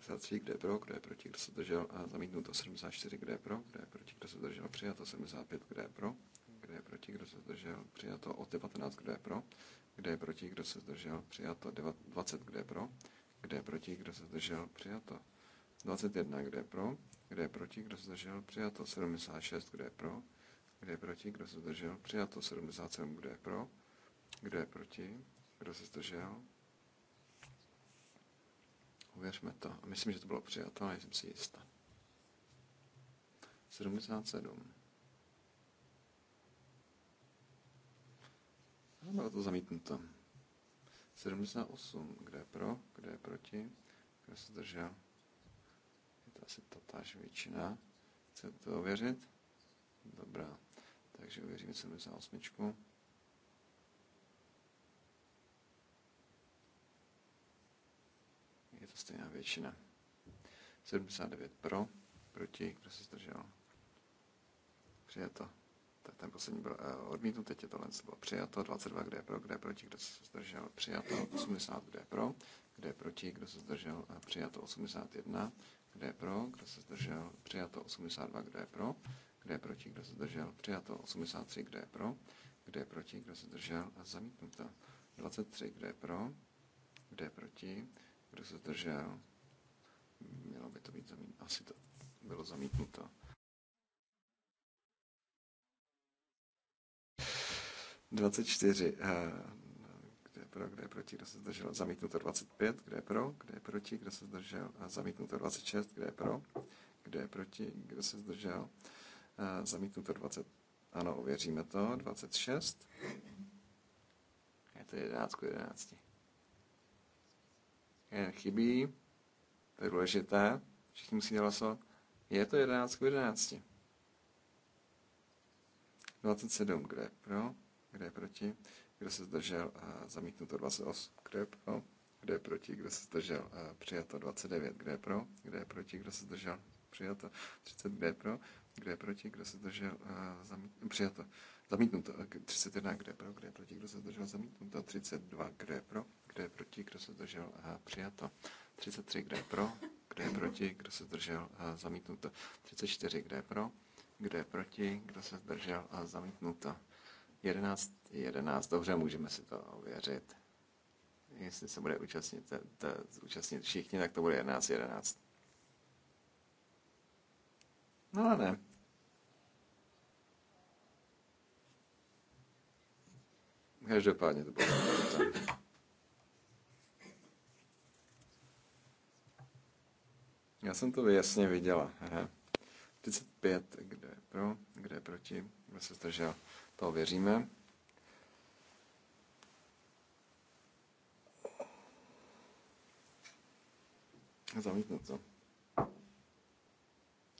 73, kde je pro, kde je proti, kdo se držel a to. 74, kde je pro, kde je proti, kdo se držel, přijato 75, kde je pro, kde je proti, kdo se držel, přijato od 19, kde je pro, kdo je proti? Kdo se zdržel? Přijato. 20. Kdo je pro? Kdo je proti? Kdo se zdržel? Přijato. 21. Kdo je pro? Kdo je proti? Kdo se zdržel? Přijato. 76. Kdo je pro? Kdo je proti? Kdo se zdržel? Přijato. 77. Kdo je pro? Kdo je proti? Kdo se zdržel? Uvěřme to. Myslím, že to bylo přijato, ale jsem si jistá. 77. Bylo to zamítnuto. 78. Kde je pro? Kde je proti? Kdo se zdržel? Je to asi tatáž většina. Chcete to ověřit? Dobrá. Takže ověříme 78. Je to stejná většina. 79 pro, proti, kdo se zdržel? to. Tak ten poslední byl odmítnut, teď je tohle bylo přijato, 22, kde je pro, kde je proti, kdo se zdržel, přijato, 80, kde je pro, kde je proti, kdo se zdržel, přijato, 81, kde je pro, kdo se zdržel, přijato, 82, kde je pro, kde je proti, kdo se zdržel, přijato, 83, kde je pro, kde je proti, kdo se zdržel a zamítnuto, 23, kde je pro, kde je proti, kdo se zdržel, mělo by to být zamítnuto, asi to bylo zamítnuto. 24, eh, kde je pro, kde je proti, kdo se zdržel, zamítnuto 25, kde je pro, kde je proti, kdo se zdržel, eh, zamítnuto 26, kde je pro, kde je proti, kdo se zdržel, eh, zamítnuto 20, ano, ověříme to, 26, je to 11 k 11. Jeden chybí, to je důležité, všichni musí hlasovat, je to 11 k 11. 27, kde je pro, kdo je proti? Kdo se zdržel? Zamítnuto 28. Kdo je pro? Kdo je proti? Kdo se zdržel? Přijato 29. Kdo je pro? Kdo je proti? Kdo se zdržel? Přijato 30. Kdo je pro? Kdo je proti? Kdo se zdržel? Přijato. Zamítnuto 31. Kdo je pro? Kdo je proti? Kdo se zdržel? Zamítnuto 32. Kdo je pro? Kdo je proti? Kdo se zdržel? Přijato 33. Kdo je pro? Kdo je proti? Kdo se zdržel? Zamítnuto 34. Kdo je pro? Kdo je proti? Kdo se zdržel? Zamítnuto 11, 11, dobře, můžeme si to ověřit. Jestli se bude účastnit, ta, ta, účastnit všichni, tak to bude 11, 11. No ale ne. Každopádně to bylo. Já jsem to jasně viděla. Aha. 35, kde je pro, kde je proti, kdo se zdržel. To věříme. Zamítnout to.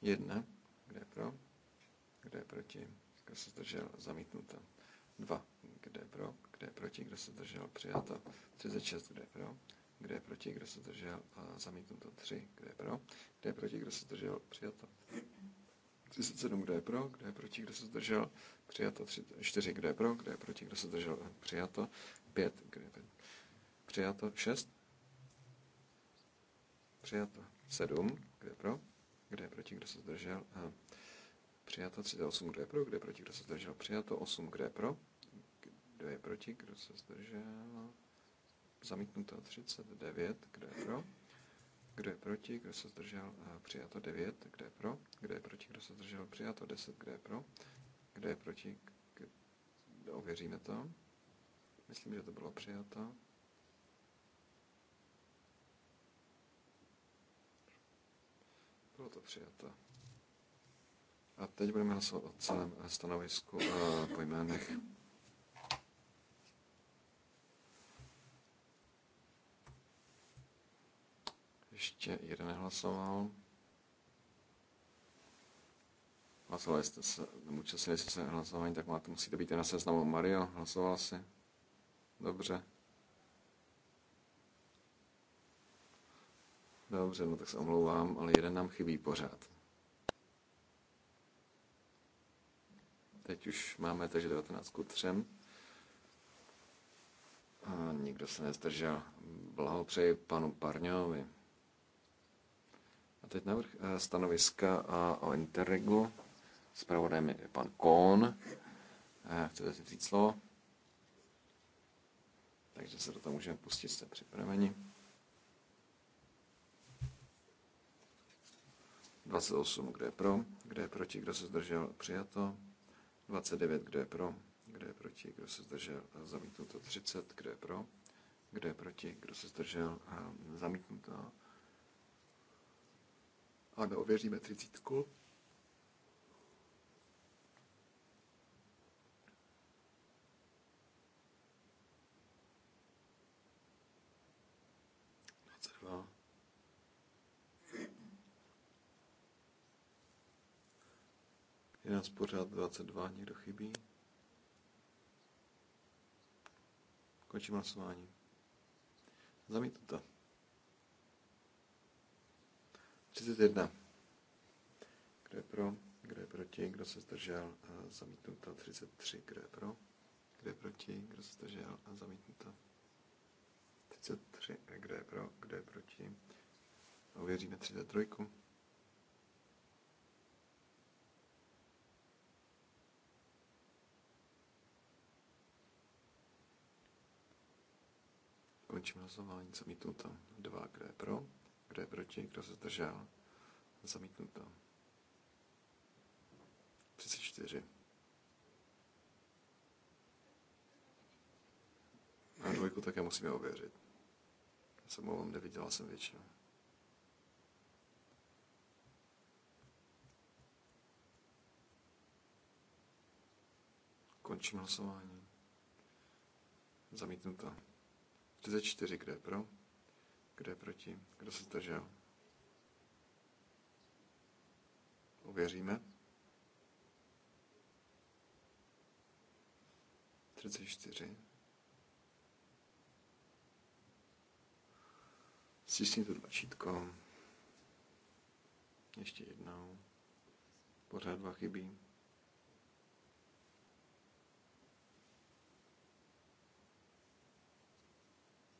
Jedna. Kde je pro? Kde je proti? Kdo se zdržel? Zamítnuto. Dva. Kde je pro? Kde je proti? Kdo se zdržel? Přijato. 36. Kde je pro? Kde je proti? Kdo se zdržel? Zamítnuto. Tři. Kde je pro? Kde je proti? Kdo se zdržel? Přijato. 37, kdo je pro, kdo je proti, kdo se zdržel, přijato. 4, kdo je pro, kdo je proti, kdo se zdržel, přijato. 5, kdo je pro, přijato. 6, přijato. 7, kdo je pro, kdo je proti, kdo se zdržel, a přijato. 38, kdo je pro, kdo je proti, kdo se zdržel, přijato. 8, kdo je pro, kdo je proti, kdo se zdržel, zamítnuto. 39, kdo je pro, kdo je proti, kdo se zdržel, eh, přijato 9. Kdo je pro, kdo je proti, kdo se zdržel, přijato 10. Kdo je pro, kdo je proti, kdo... ověříme to. Myslím, že to bylo přijato. Bylo to přijato. A teď budeme hlasovat o celém eh, stanovisku eh, po jménech. Ještě jeden nehlasoval. Hlasoval jste se, nebo jste se hlasování, tak máte, musíte být na seznamu. Mario, hlasoval jsi? Dobře. Dobře, no tak se omlouvám, ale jeden nám chybí pořád. Teď už máme takže 19 ku 3. A nikdo se nezdržel. Blahopřeji panu Parňovi teď navrh eh, stanoviska o Interregu. Zpravodajem je pan Kohn. Eh, chcete si říct slovo? Takže se do toho můžeme pustit, jste připraveni. 28, kdo je pro, kdo je proti, kdo se zdržel, přijato. 29, kdo je pro, kdo je proti, kdo se zdržel, eh, zamítnuto. 30, kdo je pro, kdo je proti, kdo se zdržel, zamítnuto. Ano, ověříme třicítku. Je nás pořád 22, někdo chybí. Končím hlasování. Zamítnuto. 31. Kdo je pro? Kdo je proti? Kdo se zdržel? A zamítnuto. 33. Kdo je pro? Kdo je proti? Kdo se zdržel? A zamítnuto. 33. Kdo je pro? Kdo je proti? A uvěříme 33. Končím hlasování, tam dva, kde je pro? Kdo je proti? Kdo se zdržel? Zamítnuto. 34. A dvojku také musíme ověřit. Já se omlouvám, neviděla jsem většinou. Končím hlasování. Zamítnuto. 34, kde je pro? Kdo je proti? Kdo se zdržel? Uvěříme. 34. Stisni to tlačítko. Ještě jednou. Pořád dva chybí.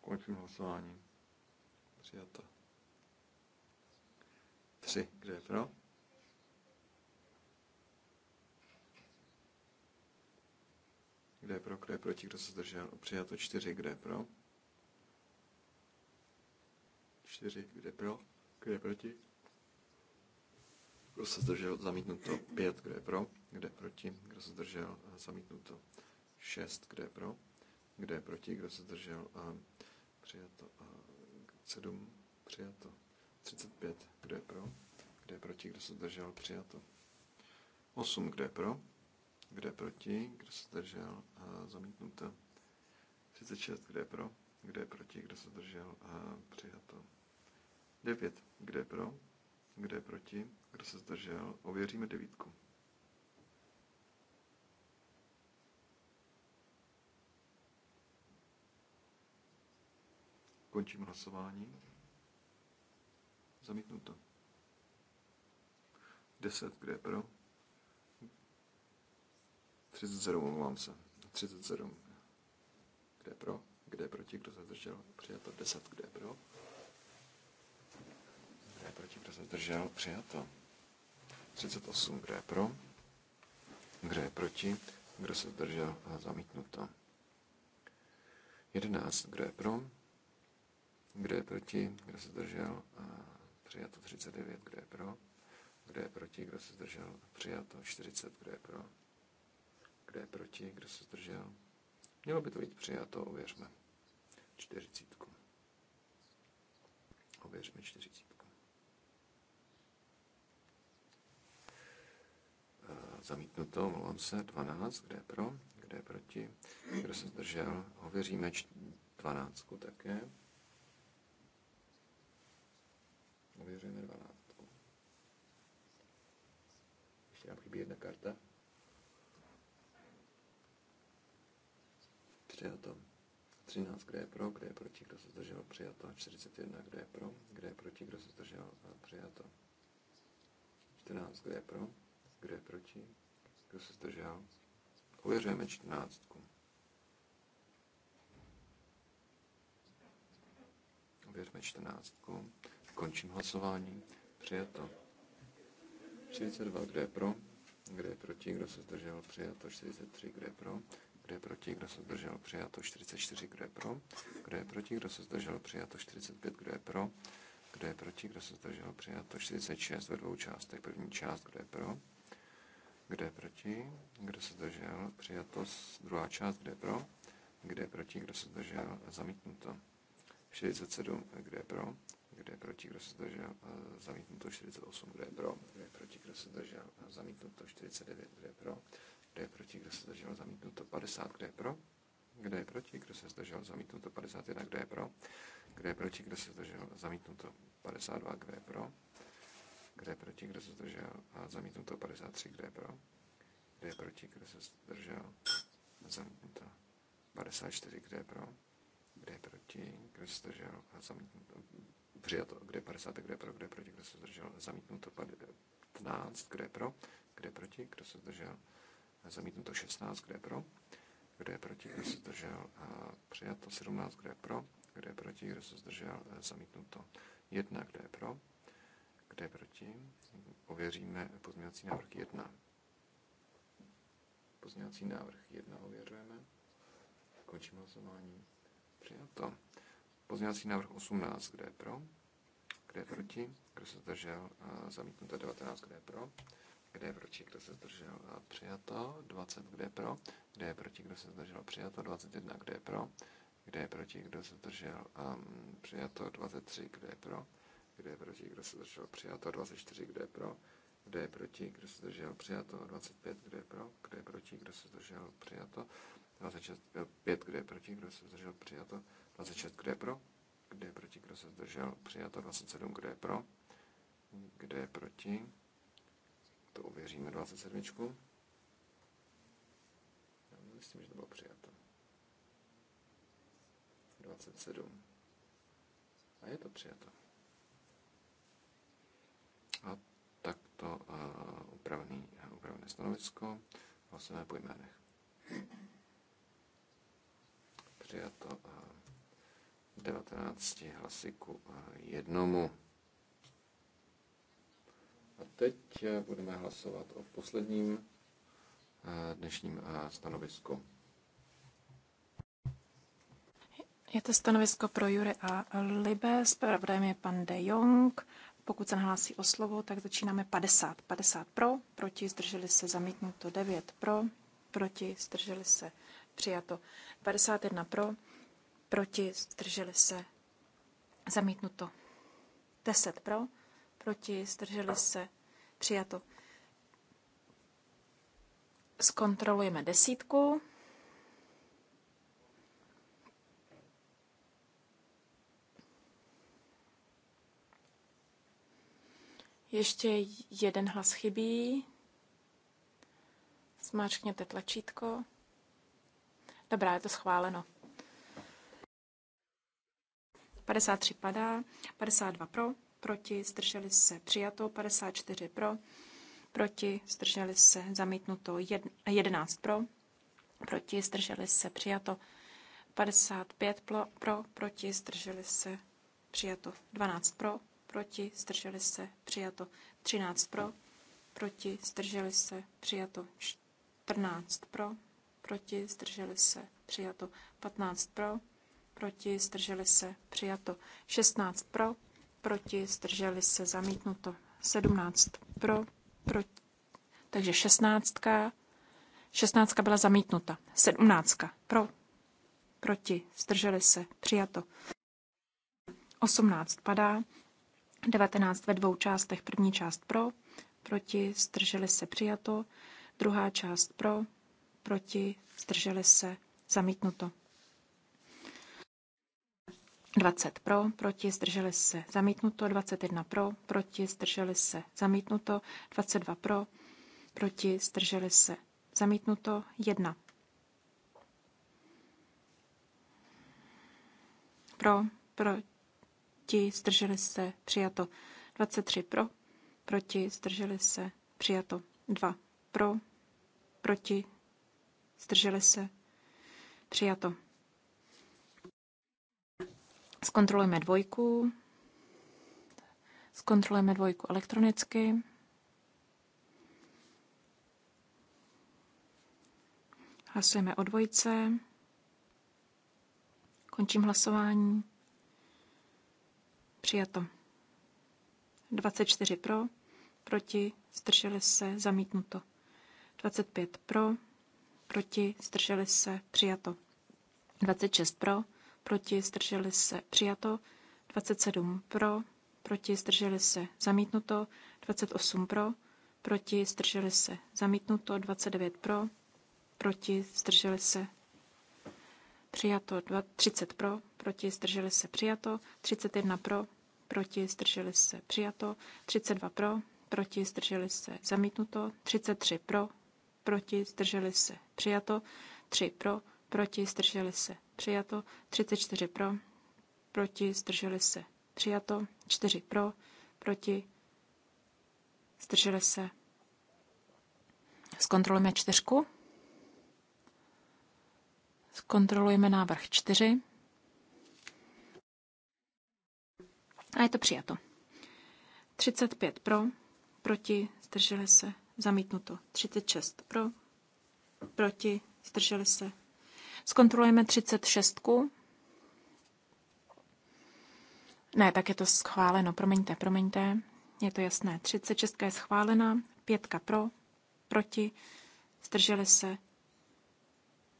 Končím hlasování. Přijato. Tři. kde je pro? kde je pro, kde je proti, kdo se zdržel? Přijato čtyři. kde je pro? Čtyři. kde je pro? kde je proti? Kdo se zdržel? Zamítnuto. Pět. kde je pro? kde je proti? Kdo se zdržel? Zamítnuto. Šest. kde je pro? kde je proti? Kdo se zdržel? Přijato 7, Přijato. 35. Kdo je pro? Kdo je proti? Kdo se zdržel? Přijato. 8. Kdo je pro? Kdo je proti? Kdo se zdržel? Zamítnuto. 36. Kdo je pro? Kdo je proti? Kdo se zdržel? Přijato. 9. Kdo je pro? Kdo je proti? Kdo se zdržel? Ověříme devítku. Končím hlasování. Zamítnuto. 10, kde je pro? 37, omlouvám se. 37, kde je pro? Kde je proti? Kdo se zdržel? Přijato. 10, kde je pro? Kde je proti? Kdo se zdržel? Přijato. 38, kde je pro? Kde je proti? Kdo se zdržel? Zamítnuto. 11, kde je pro? Kdo je proti? Kdo se zdržel? a Přijato 39. Kdo je pro? Kdo je proti? Kdo se zdržel? Přijato 40. Kdo je pro? Kdo je proti? Kdo se zdržel? Mělo by to být přijato, ověřme. 40. Ověřme 40. Zamítnuto, volám se, 12, kde je pro, kde je proti, kdo se zdržel, ověříme 12 také. Ověřujeme dvanáctku. Ještě nám chybí jedna karta. Přijato. 13, kde je pro, kde je proti, kdo se zdržel, přijato. 41, kde je pro, kde je proti, kdo se zdržel, přijato. 14, kde je pro, kde je proti, kdo se zdržel. Ověřujeme 14. Ověřme 14. Končím hlasování. Přijato. 42, kdo je pro? Kdo je proti? Kdo se zdržel? Přijato. 43, kdo je pro? Kdo je proti? Kdo se zdržel? Přijato. 44, kdo je pro? Kdo je proti? Kdo se zdržel? Přijato. 45, kdo je pro? Kdo je proti? Kdo se zdržel? Přijato. 46 ve dvou částech. První část, kdo je pro? Kdo je proti? Kdo se zdržel? Přijato. Druhá část, kdo je pro? Kdo je proti? Kdo se zdržel? Zamítnuto. 47, kdo je pro? kdo je proti, kdo se zdržel, zamítnuto 48, kdo je pro, kdo je proti, kdo se zdržel, zamítnuto 49, kdo je pro, kdo je proti, kdo se zdržel, zamítnuto 50, kdo je pro, kdo je proti, kdo se zdržel, zamítnuto 51, kdo je pro, kdo je proti, kdo se zdržel, zamítnuto 52, kdo je pro, kdo je proti, kdo se zdržel, zamítnuto 53, kdo je pro, kdo je proti, kdo se zdržel, zamítnuto 54, kdo je pro, kdo je proti, kdo se zdržel, zamítnuto Přijato. Kde je 50, kde je pro, kde je proti, kdo se zdržel? Zamítnuto 15, kde je pro, kde je proti, kdo se zdržel? Zamítnuto 16, kde je pro, kde je proti, kdo se zdržel? Přijato 17, kde je pro, kde je proti, kdo se zdržel? Zamítnuto 1, kde je pro, kde je proti. Ověříme pozměňovací návrh 1. Pozměňovací návrh 1 ověřujeme. končíme hlasování. Přijato. Pozměňovací návrh 18, kde je pro? Kde je proti? Kdo se zdržel? Zamítnuto 19, kde je pro? Kde je proti? Kdo se zdržel? Přijato 20, kde je pro? Kde mm, je proti? Kdo se zdržel? Přijato 21, kde je pro? Kde je proti? Kdo se zdržel? Přijato 23, kde je pro? Kde je proti? Kdo se zdržel? Přijato 24, kde je pro? Kde je proti? Kdo se zdržel? Přijato 25, kde je pro? Kde je proti? Kdo se zdržel? Přijato 26, 5, kdo je proti, kdo se zdržel, přijato. 26, kdo je pro, kdo je proti, kdo se zdržel, přijato. 27, kdo je pro, kdo je proti. To uvěříme 27. Já myslím, že to bylo přijato. 27. A je to přijato. A takto uh, upravený, eh, upravené stanovisko hlasujeme po jménech přijato 19 hlasy ku jednomu. A teď eh, budeme hlasovat o posledním eh, dnešním eh, stanovisku. Je to stanovisko pro Jury a Libe, zpravodajem je pan De Jong. Pokud se nahlásí o slovo, tak začínáme 50. 50 pro, proti, zdrželi se, zamítnuto 9 pro, proti, zdrželi se, přijato 51 pro, proti, zdrželi se, zamítnuto. 10 pro, proti, zdrželi se, přijato. Zkontrolujeme desítku. Ještě jeden hlas chybí. Zmáčkněte tlačítko. Dobrá, je to schváleno. 53 padá, 52 pro, proti, zdrželi se přijato, 54 pro, proti, zdrželi se zamítnuto, 11 pro, proti, zdrželi se přijato, 55 pro, pro proti, zdrželi se přijato, 12 pro, proti, zdrželi se přijato, 13 pro, proti, zdrželi se přijato, 14 pro, proti, zdrželi se, přijato. 15 pro, proti, zdrželi se, přijato. 16 pro, proti, zdrželi se, zamítnuto. 17 pro, proti. Takže 16. 16 byla zamítnuta. 17 pro, proti, zdrželi se, přijato. 18 padá, 19 ve dvou částech, první část pro, proti, zdrželi se, přijato, druhá část pro, proti, zdrželi se, zamítnuto. 20 pro, proti, zdrželi se, zamítnuto, 21 pro, proti, zdrželi se, zamítnuto, 22 pro, proti, zdrželi se, zamítnuto, 1 pro, proti, zdrželi se, přijato, 23 pro, proti, zdrželi se, přijato, 2 pro, proti, Zdrželi se? Přijato. Zkontrolujeme dvojku. Zkontrolujeme dvojku elektronicky. Hlasujeme o dvojce. Končím hlasování. Přijato. 24 pro, proti, zdrželi se, zamítnuto. 25 pro, proti, zdrželi se, přijato. 26 pro, proti, zdrželi se, přijato. 27 pro, proti, zdrželi se, zamítnuto. 28 pro, proti, zdrželi se, zamítnuto. 29 pro, proti, zdrželi se, přijato. 30 pro, proti, zdrželi se, přijato. 31 pro, proti, zdrželi se, přijato. 32 pro, proti, zdrželi se, zamítnuto. 33 pro, proti, zdrželi se, přijato. 3 pro, proti, zdrželi se, přijato. 34 pro, proti, zdrželi se, přijato. 4 pro, proti, zdrželi se. Zkontrolujeme čtyřku. Zkontrolujeme návrh čtyři. A je to přijato. 35 pro, proti, zdrželi se, Zamítnuto. 36 pro. Proti. Zdrželi se. Zkontrolujeme 36. Ne, tak je to schváleno. Promiňte, promiňte. Je to jasné. 36 je schválena. 5 pro. Proti. Zdrželi se.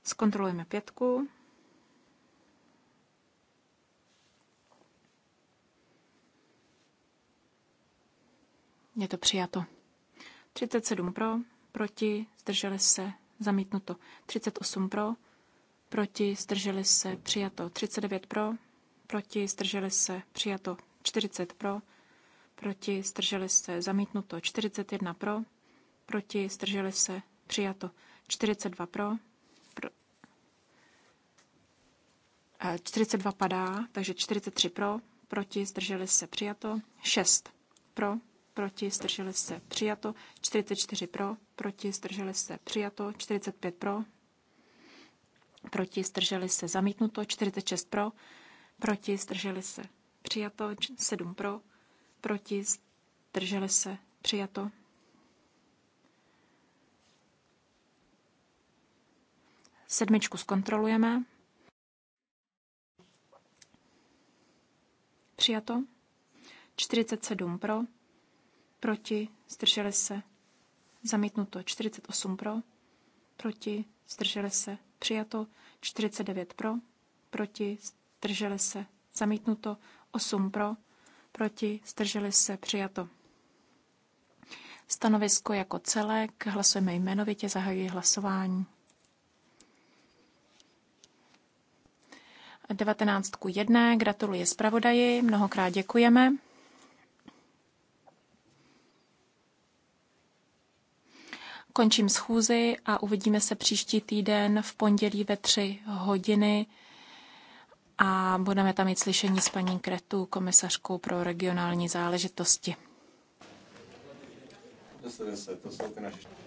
Zkontrolujeme pětku. Je to přijato. 37 pro, proti, zdrželi se, zamítnuto. 38 pro, proti, zdrželi se, přijato. 39 pro, proti, zdrželi se, přijato. 40 pro, proti, zdrželi se, zamítnuto. 41 pro, proti, zdrželi se, přijato. 42 pro, pro 42 padá, takže 43 pro, proti, zdrželi se, přijato. 6 pro, proti, zdrželi se, přijato, 44 pro, proti, zdrželi se, přijato, 45 pro, proti, zdrželi se, zamítnuto, 46 pro, proti, zdrželi se, přijato, 7 pro, proti, zdrželi se, přijato. Sedmičku zkontrolujeme. Přijato. 47 pro, proti, zdrželi se, zamítnuto 48 pro, proti, zdrželi se, přijato 49 pro, proti, zdrželi se, zamítnuto 8 pro, proti, zdrželi se, přijato. Stanovisko jako celek, hlasujeme jmenovitě, zahajuji hlasování. 19.1. gratuluji zpravodaji, mnohokrát děkujeme. Končím schůzi a uvidíme se příští týden v pondělí ve tři hodiny a budeme tam mít slyšení s paní Kretu, komisařkou pro regionální záležitosti. To se, to jsou ty naše...